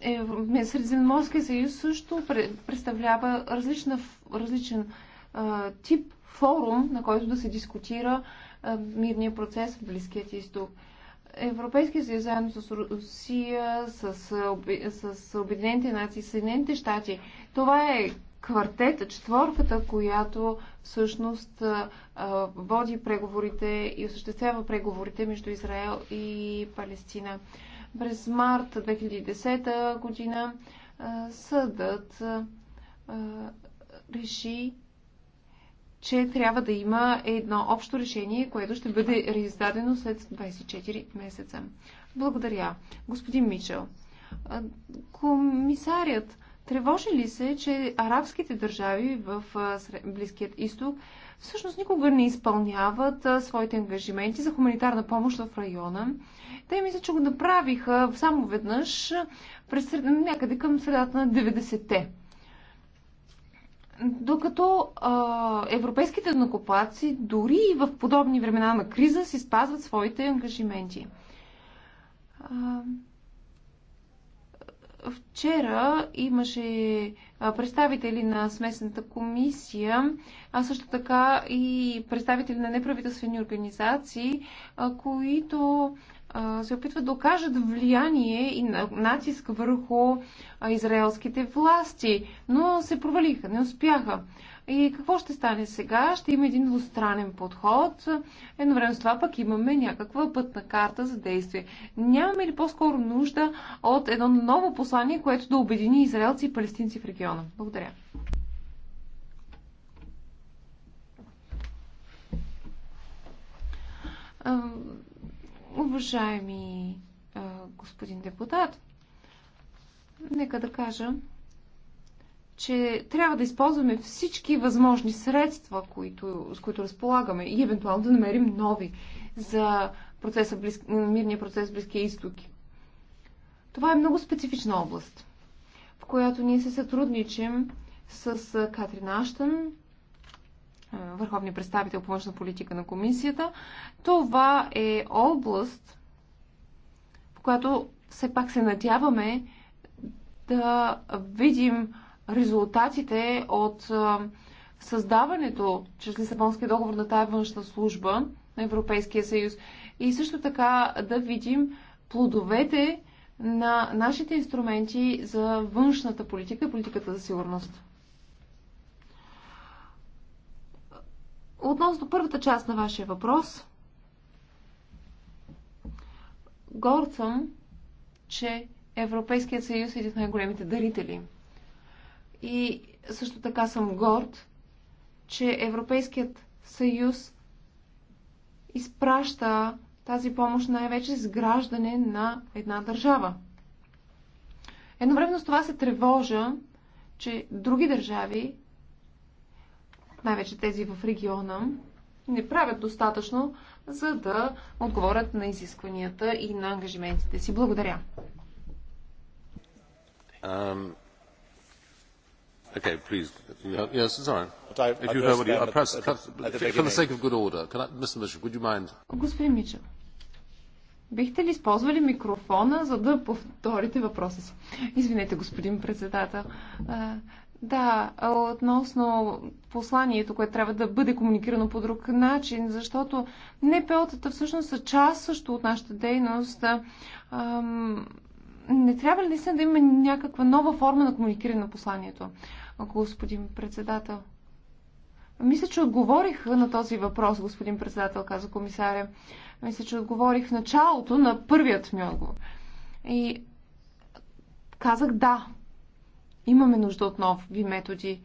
е, Средиземноморския съюз също представлява различна, различен а, тип форум, на който да се дискутира а, мирния процес в Близкият изток. Европейския съюз заедно с Русия, с, с, с Обединените нации, Съединените щати. Това е квартета, четворката, която всъщност води преговорите и осъществява преговорите между Израел и Палестина. През март 2010 година съдът реши, че трябва да има едно общо решение, което ще бъде издадено след 24 месеца. Благодаря. Господин Мичел, комисарят тревожи ли се, че арабските държави в Близкият изток всъщност никога не изпълняват а, своите ангажименти за хуманитарна помощ в района. Те мисля, че го направиха само веднъж през, някъде към средата на 90-те. Докато а, европейските накопаци дори и в подобни времена на криза си спазват своите ангажименти. А, Вчера имаше представители на смесната комисия, а също така и представители на неправителствени организации, които се опитват да окажат влияние и натиск върху израелските власти, но се провалиха, не успяха. И какво ще стане сега? Ще има един двустранен подход. Едно време с това пък имаме някаква пътна карта за действие. Нямаме ли по-скоро нужда от едно ново послание, което да обедини израелци и палестинци в региона? Благодаря. Уважаеми господин депутат, нека да кажа, че трябва да използваме всички възможни средства, които, с които разполагаме и евентуално да намерим нови за процеса близ, мирния процес в Близкия изток. Това е много специфична област, в която ние се сътрудничим с Катрин Аштън, върховния представител по външна политика на комисията. Това е област, в която все пак се надяваме да видим резултатите от създаването чрез Лисабонския договор на тая външна служба на Европейския съюз. И също така да видим плодовете на нашите инструменти за външната политика и политиката за сигурност. Относно първата част на вашия въпрос, горд съм, че Европейският съюз е един от най-големите дарители – и също така съм горд, че Европейският съюз изпраща тази помощ най-вече с граждане на една държава. Едновременно с това се тревожа, че други държави, най-вече тези в региона, не правят достатъчно, за да отговорят на изискванията и на ангажиментите си. Благодаря. Um... Okay, please. Yes, it's all right. If you heard what you... Perhaps, perhaps, for the sake of good order, can I, Mr. Mitchell, would you mind? Господин Мичел, бихте ли използвали микрофона, за да повторите въпроса си? Извинете, господин председател. Да, относно посланието, което трябва да бъде комуникирано по друг начин, защото НПО-тата всъщност са част също от нашата дейност. не трябва ли наистина да има някаква нова форма на комуникиране на посланието? господин председател. Мисля, че отговорих на този въпрос, господин председател, каза комисаря. Мисля, че отговорих в началото на първият ми отговор. И казах да, имаме нужда от нови методи.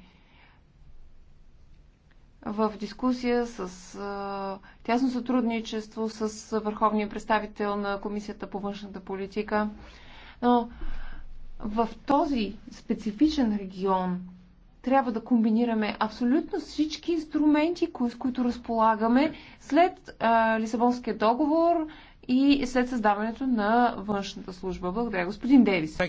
В дискусия с а, тясно сътрудничество с върховния представител на Комисията по външната политика. Но в този специфичен регион трябва да комбинираме абсолютно всички инструменти, кои, с които разполагаме след а, Лисабонския договор и след създаването на външната служба. Благодаря, господин Дейвис.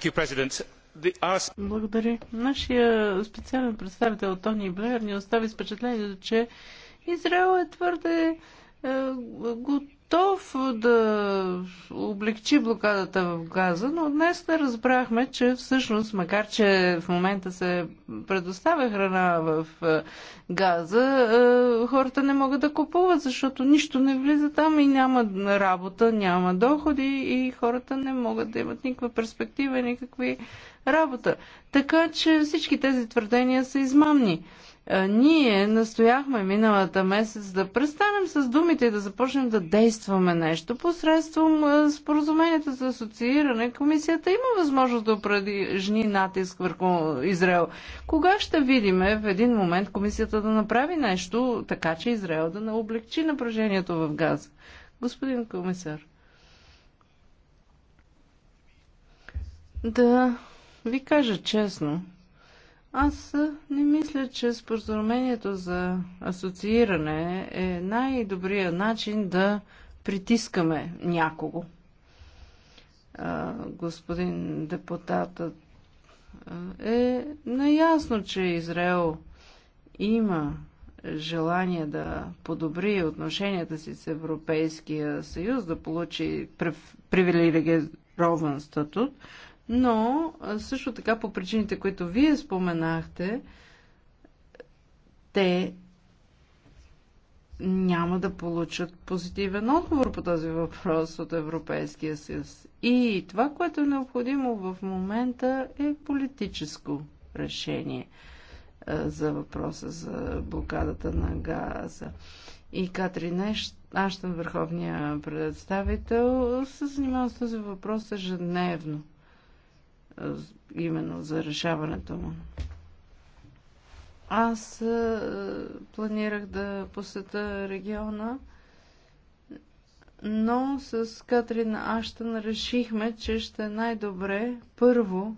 Благодаря. Нашия специален представител Тони Блеер ни остави впечатление, впечатлението, че Израел е твърде е, го, готов да облегчи блокадата в Газа, но днес не разбрахме, че всъщност, макар че в момента се предоставя храна в е, Газа, е, хората не могат да купуват, защото нищо не влиза там и няма работа, няма доходи и хората не могат да имат никаква перспектива, никакви работа. Така че всички тези твърдения са измамни. Ние настояхме миналата месец да престанем с думите и да започнем да действаме нещо посредством споразумението за асоцииране. Комисията има възможност да упражни натиск върху Израел. Кога ще видим е, в един момент комисията да направи нещо така, че Израел да не облегчи напрежението в Газа? Господин комисар. Да ви кажа честно, аз не мисля, че споразумението за асоцииране е най-добрият начин да притискаме някого. А, господин депутатът е наясно, че Израел има желание да подобри отношенията си с Европейския съюз, да получи прев... привилегирован статут, но също така по причините, които вие споменахте, те няма да получат позитивен отговор по този въпрос от Европейския съюз. И това, което е необходимо в момента е политическо решение за въпроса за блокадата на газа. И Катрин Аштън, върховния представител, се занимава с този въпрос ежедневно именно за решаването му. Аз е, планирах да посета региона, но с Катрин Аштън решихме, че ще е най-добре първо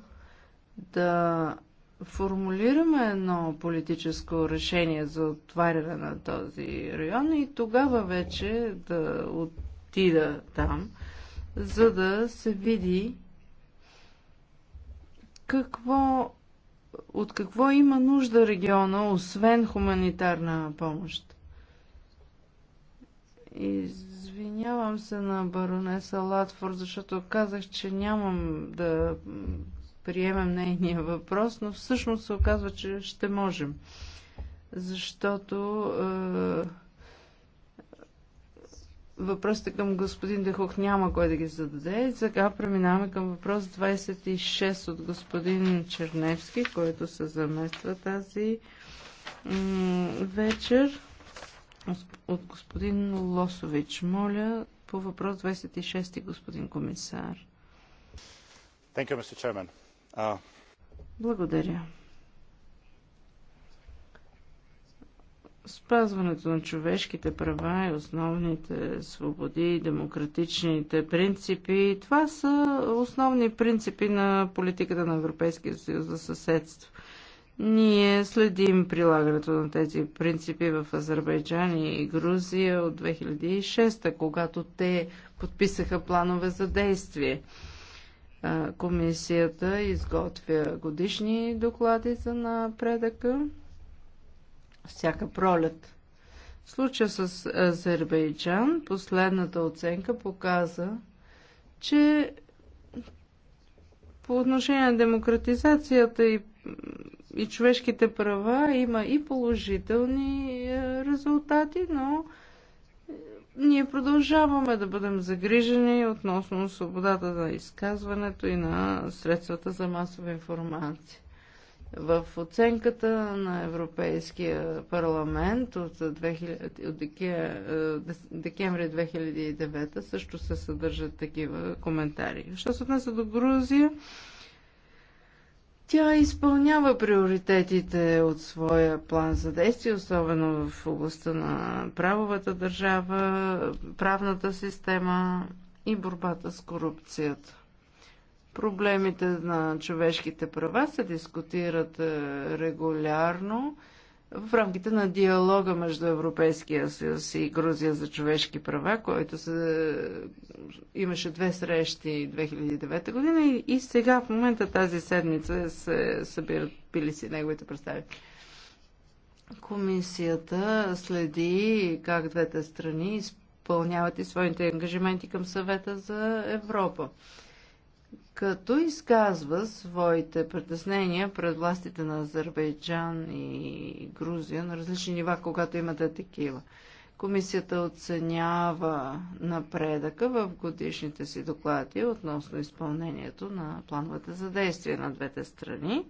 да формулираме едно политическо решение за отваряне на този район и тогава вече да отида там, за да се види какво, от какво има нужда региона, освен хуманитарна помощ? Извинявам се на баронеса Латфорд, защото казах, че нямам да приемем нейния въпрос, но всъщност се оказва, че ще можем. Защото е, Въпросите към господин Дехок няма кой да ги зададе. Сега преминаваме към въпрос 26 от господин Черневски, който се замества тази вечер от господин Лосович. Моля по въпрос 26, господин комисар. Thank you, Mr. Uh... Благодаря. Спазването на човешките права и основните свободи и демократичните принципи, това са основни принципи на политиката на Европейския съюз за съседство. Ние следим прилагането на тези принципи в Азербайджан и Грузия от 2006, когато те подписаха планове за действие. Комисията изготвя годишни доклади за напредъка всяка пролет. В случая с Азербайджан, последната оценка показа, че по отношение на демократизацията и, и човешките права има и положителни е, резултати, но е, ние продължаваме да бъдем загрижени относно свободата на изказването и на средствата за масова информация. В оценката на Европейския парламент от, 2000, от е, декември 2009 също се съдържат такива коментари. Що се отнася до Грузия, тя изпълнява приоритетите от своя план за действие, особено в областта на правовата държава, правната система и борбата с корупцията. Проблемите на човешките права се дискутират е, регулярно в рамките на диалога между Европейския съюз и Грузия за човешки права, който се... имаше две срещи 2009 година и, сега в момента тази седмица се събират били си неговите представители. Комисията следи как двете страни изпълняват и своите ангажименти към съвета за Европа като изказва своите притеснения пред властите на Азербайджан и Грузия на различни нива, когато имате такива. Комисията оценява напредъка в годишните си доклади относно изпълнението на плановете за действие на двете страни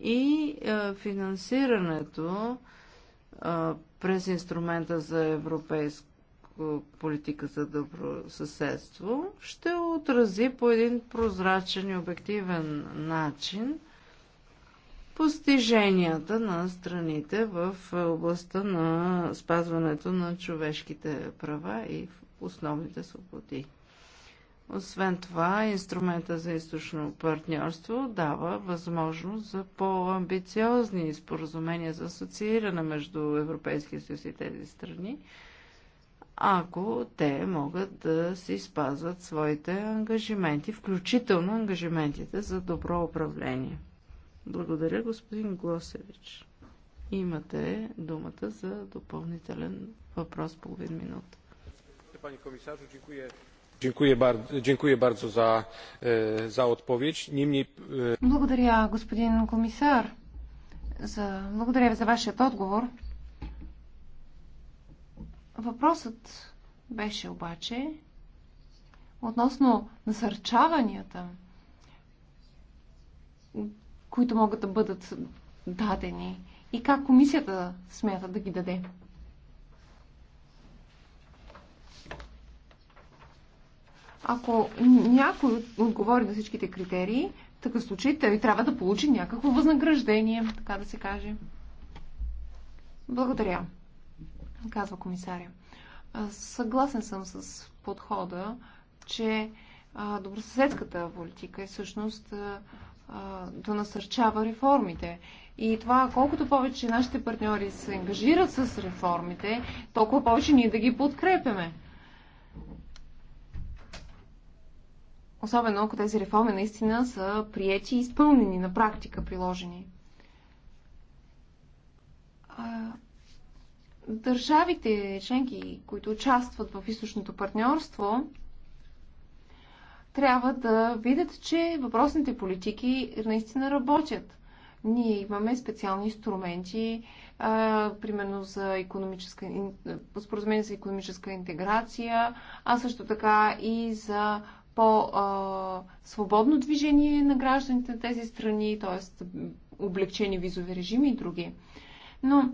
и е, финансирането е, през инструмента за европейско политика за добро съседство ще отрази по един прозрачен и обективен начин постиженията на страните в областта на спазването на човешките права и основните свободи. Освен това, инструмента за източно партньорство дава възможност за по-амбициозни споразумения за асоцииране между Европейския съюз и тези страни, ако те могат да си спазват своите ангажименти, включително ангажиментите за добро управление. Благодаря, господин Глосевич. Имате думата за допълнителен въпрос половин минута. Пани komisarzu, дякую. dziękuję, bardzo, dziękuję bardzo za, za odpowiedź. Niemniej... Благодаря, господин комисар. За... Благодаря ви за вашият отговор. Въпросът беше обаче относно насърчаванията, които могат да бъдат дадени и как комисията смята да ги даде. Ако някой отговори на всичките критерии, в такъв случай той трябва да получи някакво възнаграждение, така да се каже. Благодаря казва комисаря. Съгласен съм с подхода, че добросъседската политика е всъщност да насърчава реформите. И това, колкото повече нашите партньори се ангажират с реформите, толкова повече ние да ги подкрепяме. Особено ако тези реформи наистина са приети и изпълнени на практика, приложени държавите членки, които участват в източното партньорство, трябва да видят, че въпросните политики наистина работят. Ние имаме специални инструменти, а, примерно за економическа, споразумение за економическа интеграция, а също така и за по-свободно движение на гражданите на тези страни, т.е. облегчени визови режими и други. Но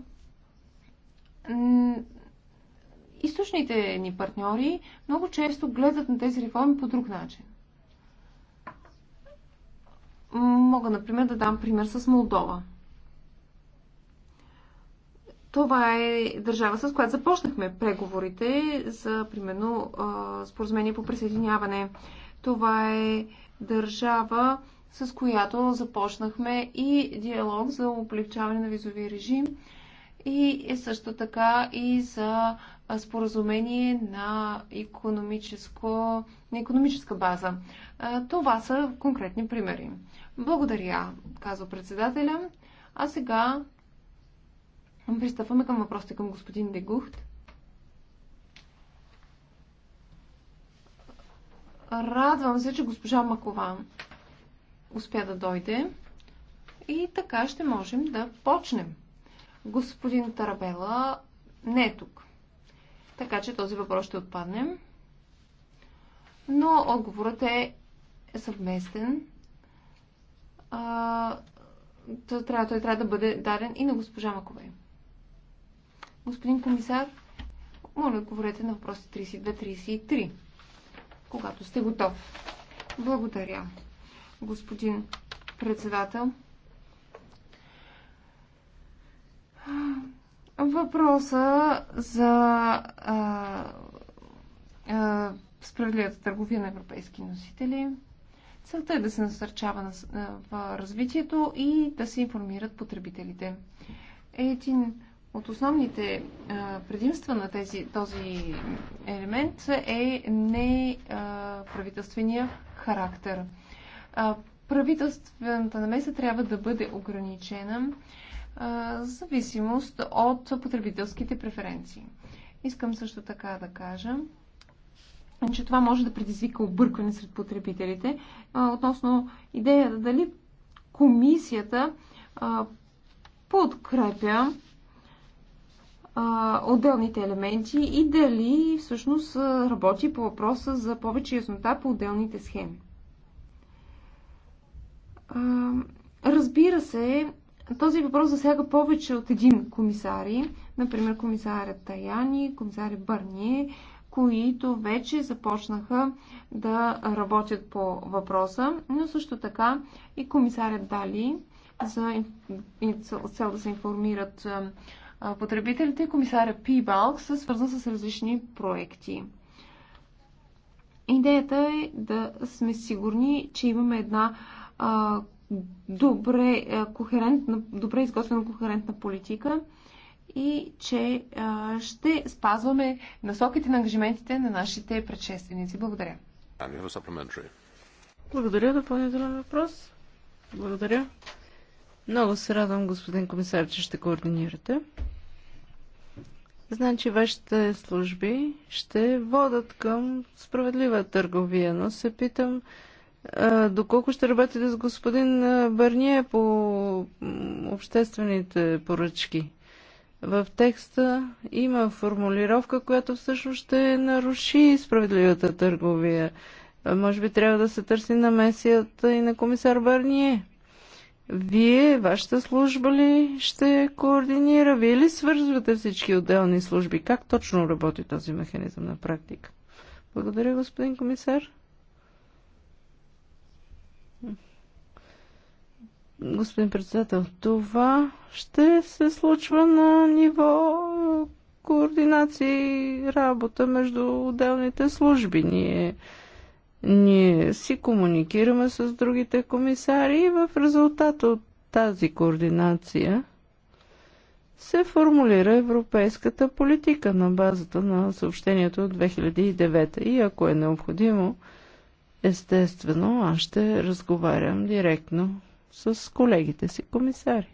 източните ни партньори много често гледат на тези реформи по друг начин. Мога, например, да дам пример с Молдова. Това е държава, с която започнахме преговорите за, примерно, споразумение по присъединяване. Това е държава, с която започнахме и диалог за облегчаване на визовия режим и е също така и за споразумение на, економическо, на економическа база. Това са конкретни примери. Благодаря, казва председателя. А сега пристъпваме към въпросите към господин Дегухт. Радвам се, че госпожа Макова успя да дойде и така ще можем да почнем. Господин Тарабела не е тук. Така че този въпрос ще отпаднем, Но отговорът е съвместен. А, той, трябва, той трябва да бъде даден и на госпожа Макове. Господин комисар, моля, отговорете на въпроси 32-33, когато сте готов. Благодаря, господин председател. Въпроса за а, а, справедливата търговия на европейски носители. Целта е да се насърчава на, в развитието и да се информират потребителите. Един от основните а, предимства на тези, този елемент е неправителствения характер. А, правителствената намеса трябва да бъде ограничена в зависимост от потребителските преференции. Искам също така да кажа, че това може да предизвика объркване сред потребителите относно идеята дали комисията подкрепя отделните елементи и дали всъщност работи по въпроса за повече яснота по отделните схеми. Разбира се, този въпрос засяга повече от един комисари, например комисарят Таяни, комисарят Бърние, които вече започнаха да работят по въпроса, но също така и комисарят Дали за цел да се информират потребителите комисаря Пи Пибалк са свързан с различни проекти. Идеята е да сме сигурни, че имаме една добре, е, кохерентна, добре изготвена кохерентна политика и че а, е, ще спазваме насоките на ангажиментите на нашите предшественици. Благодаря. Благодаря. Допълнителен въпрос. Благодаря. Много се радвам, господин комисар, че ще координирате. Значи вашите служби ще водат към справедлива търговия, но се питам Доколко ще работите с господин Бърние по обществените поръчки? В текста има формулировка, която всъщност ще наруши справедливата търговия. Може би трябва да се търси на месията и на комисар Бърние. Вие, вашата служба ли ще координира? Вие ли свързвате всички отделни служби? Как точно работи този механизъм на практика? Благодаря, господин комисар. Господин председател, това ще се случва на ниво координация и работа между отделните служби. Ние, ние си комуникираме с другите комисари и в резултат от тази координация се формулира европейската политика на базата на съобщението от 2009 и ако е необходимо, Естествено, аз ще разговарям директно с колегите си комисари.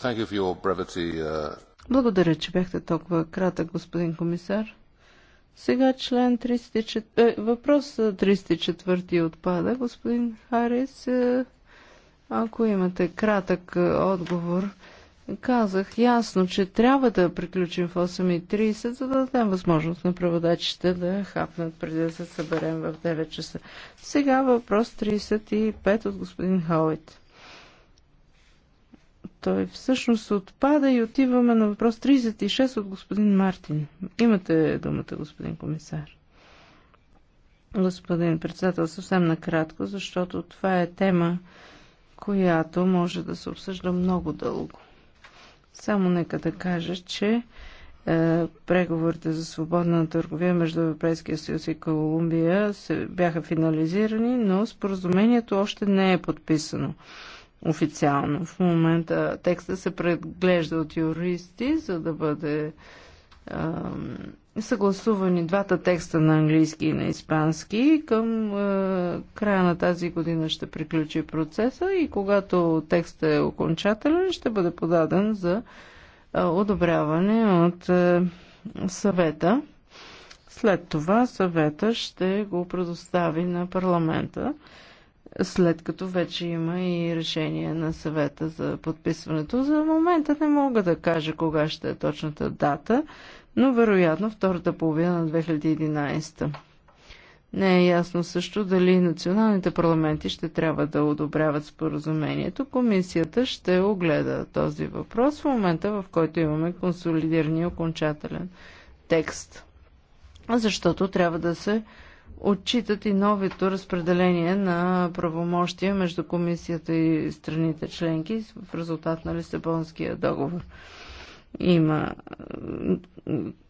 You brevity, uh... Благодаря, че бяхте толкова кратък, господин комисар. Сега член 34... Е, въпрос 34 отпада, господин Харис. Е, ако имате кратък е, отговор казах ясно, че трябва да приключим в 8.30, за да дадем възможност на преводачите да хапнат преди да се съберем в 9 часа. Сега въпрос 35 от господин Хауит. Той всъщност отпада и отиваме на въпрос 36 от господин Мартин. Имате думата, господин комисар. Господин председател, съвсем накратко, защото това е тема, която може да се обсъжда много дълго. Само нека да кажа, че е, преговорите за свободна търговия между Европейския съюз и Колумбия се бяха финализирани, но споразумението още не е подписано официално. В момента текста се преглежда от юристи, за да бъде са гласувани двата текста на английски и на испански. Към е, края на тази година ще приключи процеса и когато текстът е окончателен, ще бъде подаден за е, одобряване от е, съвета. След това съвета ще го предостави на парламента, след като вече има и решение на съвета за подписването. За момента не мога да кажа кога ще е точната дата, но вероятно втората половина на 2011. Не е ясно също дали националните парламенти ще трябва да одобряват споразумението. Комисията ще огледа този въпрос в момента, в който имаме консолидиран и окончателен текст. Защото трябва да се отчитат и новито разпределение на правомощия между комисията и страните членки в резултат на Лисабонския договор. Има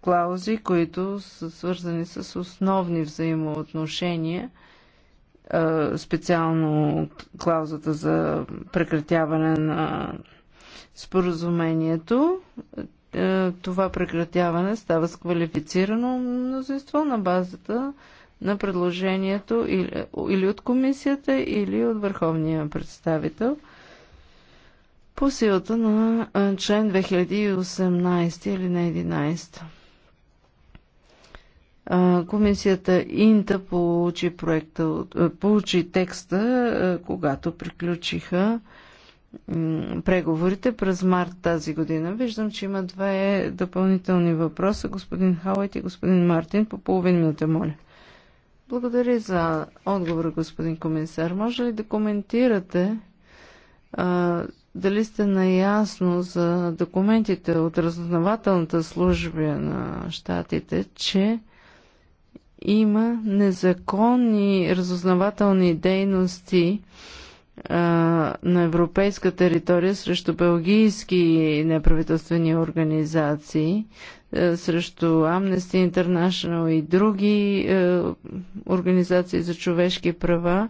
клаузи, които са свързани с основни взаимоотношения, специално клаузата за прекратяване на споразумението. Е, това прекратяване става с квалифицирано мнозинство на базата на предложението или, или от комисията, или от върховния представител – по силата на член 2018 или на 11. Комисията Инта получи, проекта, получи текста, когато приключиха преговорите през март тази година. Виждам, че има две допълнителни въпроса. Господин Хауайт и господин Мартин, по половин минута, моля. Благодаря за отговора, господин комисар. Може ли да коментирате а, дали сте наясно за документите от разузнавателната служба на щатите, че има незаконни разузнавателни дейности а, на европейска територия срещу белгийски неправителствени организации, а, срещу Amnesty International и други а, организации за човешки права,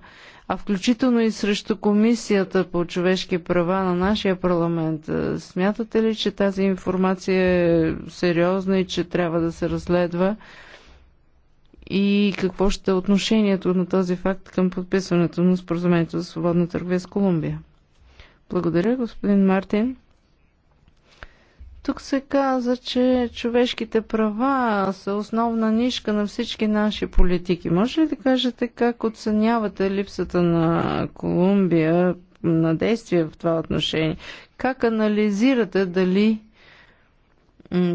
а включително и срещу Комисията по човешки права на нашия парламент. Е, смятате ли, че тази информация е сериозна и че трябва да се разследва? И какво ще е отношението на този факт към подписването на споразумението за свободна търговия с Колумбия? Благодаря, господин Мартин. Тук се каза, че човешките права са основна нишка на всички наши политики. Може ли да кажете как оценявате липсата на Колумбия на действие в това отношение? Как анализирате дали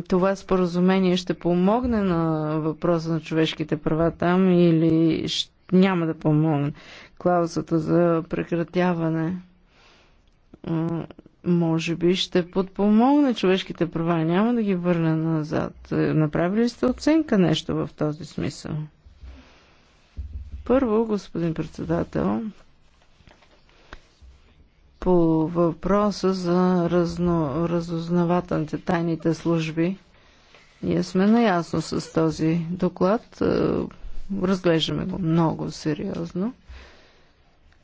това споразумение ще помогне на въпроса на човешките права там или няма да помогне? Клаузата за прекратяване може би ще подпомогне човешките права и няма да ги върне назад. Направили сте оценка нещо в този смисъл? Първо, господин председател, по въпроса за разно, разузнавателните тайните служби, ние сме наясно с този доклад. Разглеждаме го много сериозно.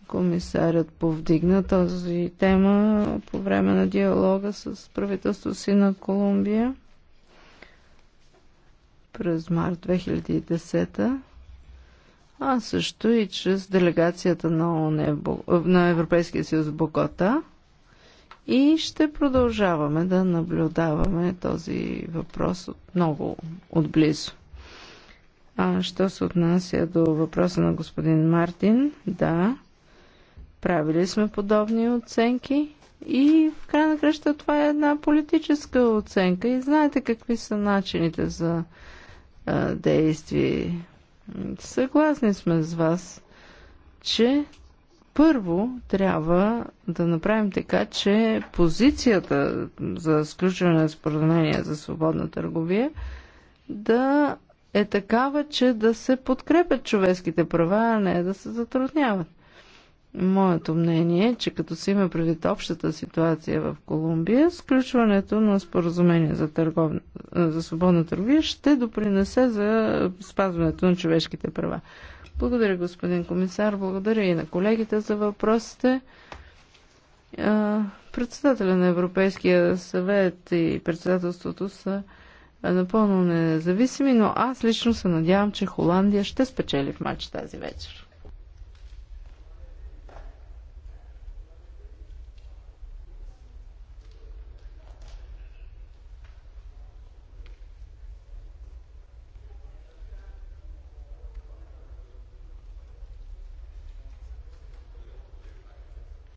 Комисарят повдигна тази тема по време на диалога с правителството си на Колумбия през март 2010 а също и чрез делегацията на, ОНЕ, на Европейския съюз в Богота и ще продължаваме да наблюдаваме този въпрос от много отблизо. А що се отнася до въпроса на господин Мартин, да, Правили сме подобни оценки и в край на кръща това е една политическа оценка и знаете какви са начините за а, действие. Съгласни сме с вас, че първо трябва да направим така, че позицията за сключване на споразумение за свободна търговия да е такава, че да се подкрепят човешките права, а не да се затрудняват. Моето мнение е, че като се има предвид общата ситуация в Колумбия, сключването на споразумение за, търгов... за свободна търговия ще допринесе за спазването на човешките права. Благодаря, господин комисар. Благодаря и на колегите за въпросите. Председателя на Европейския съвет и председателството са напълно независими, но аз лично се надявам, че Холандия ще спечели в матч тази вечер.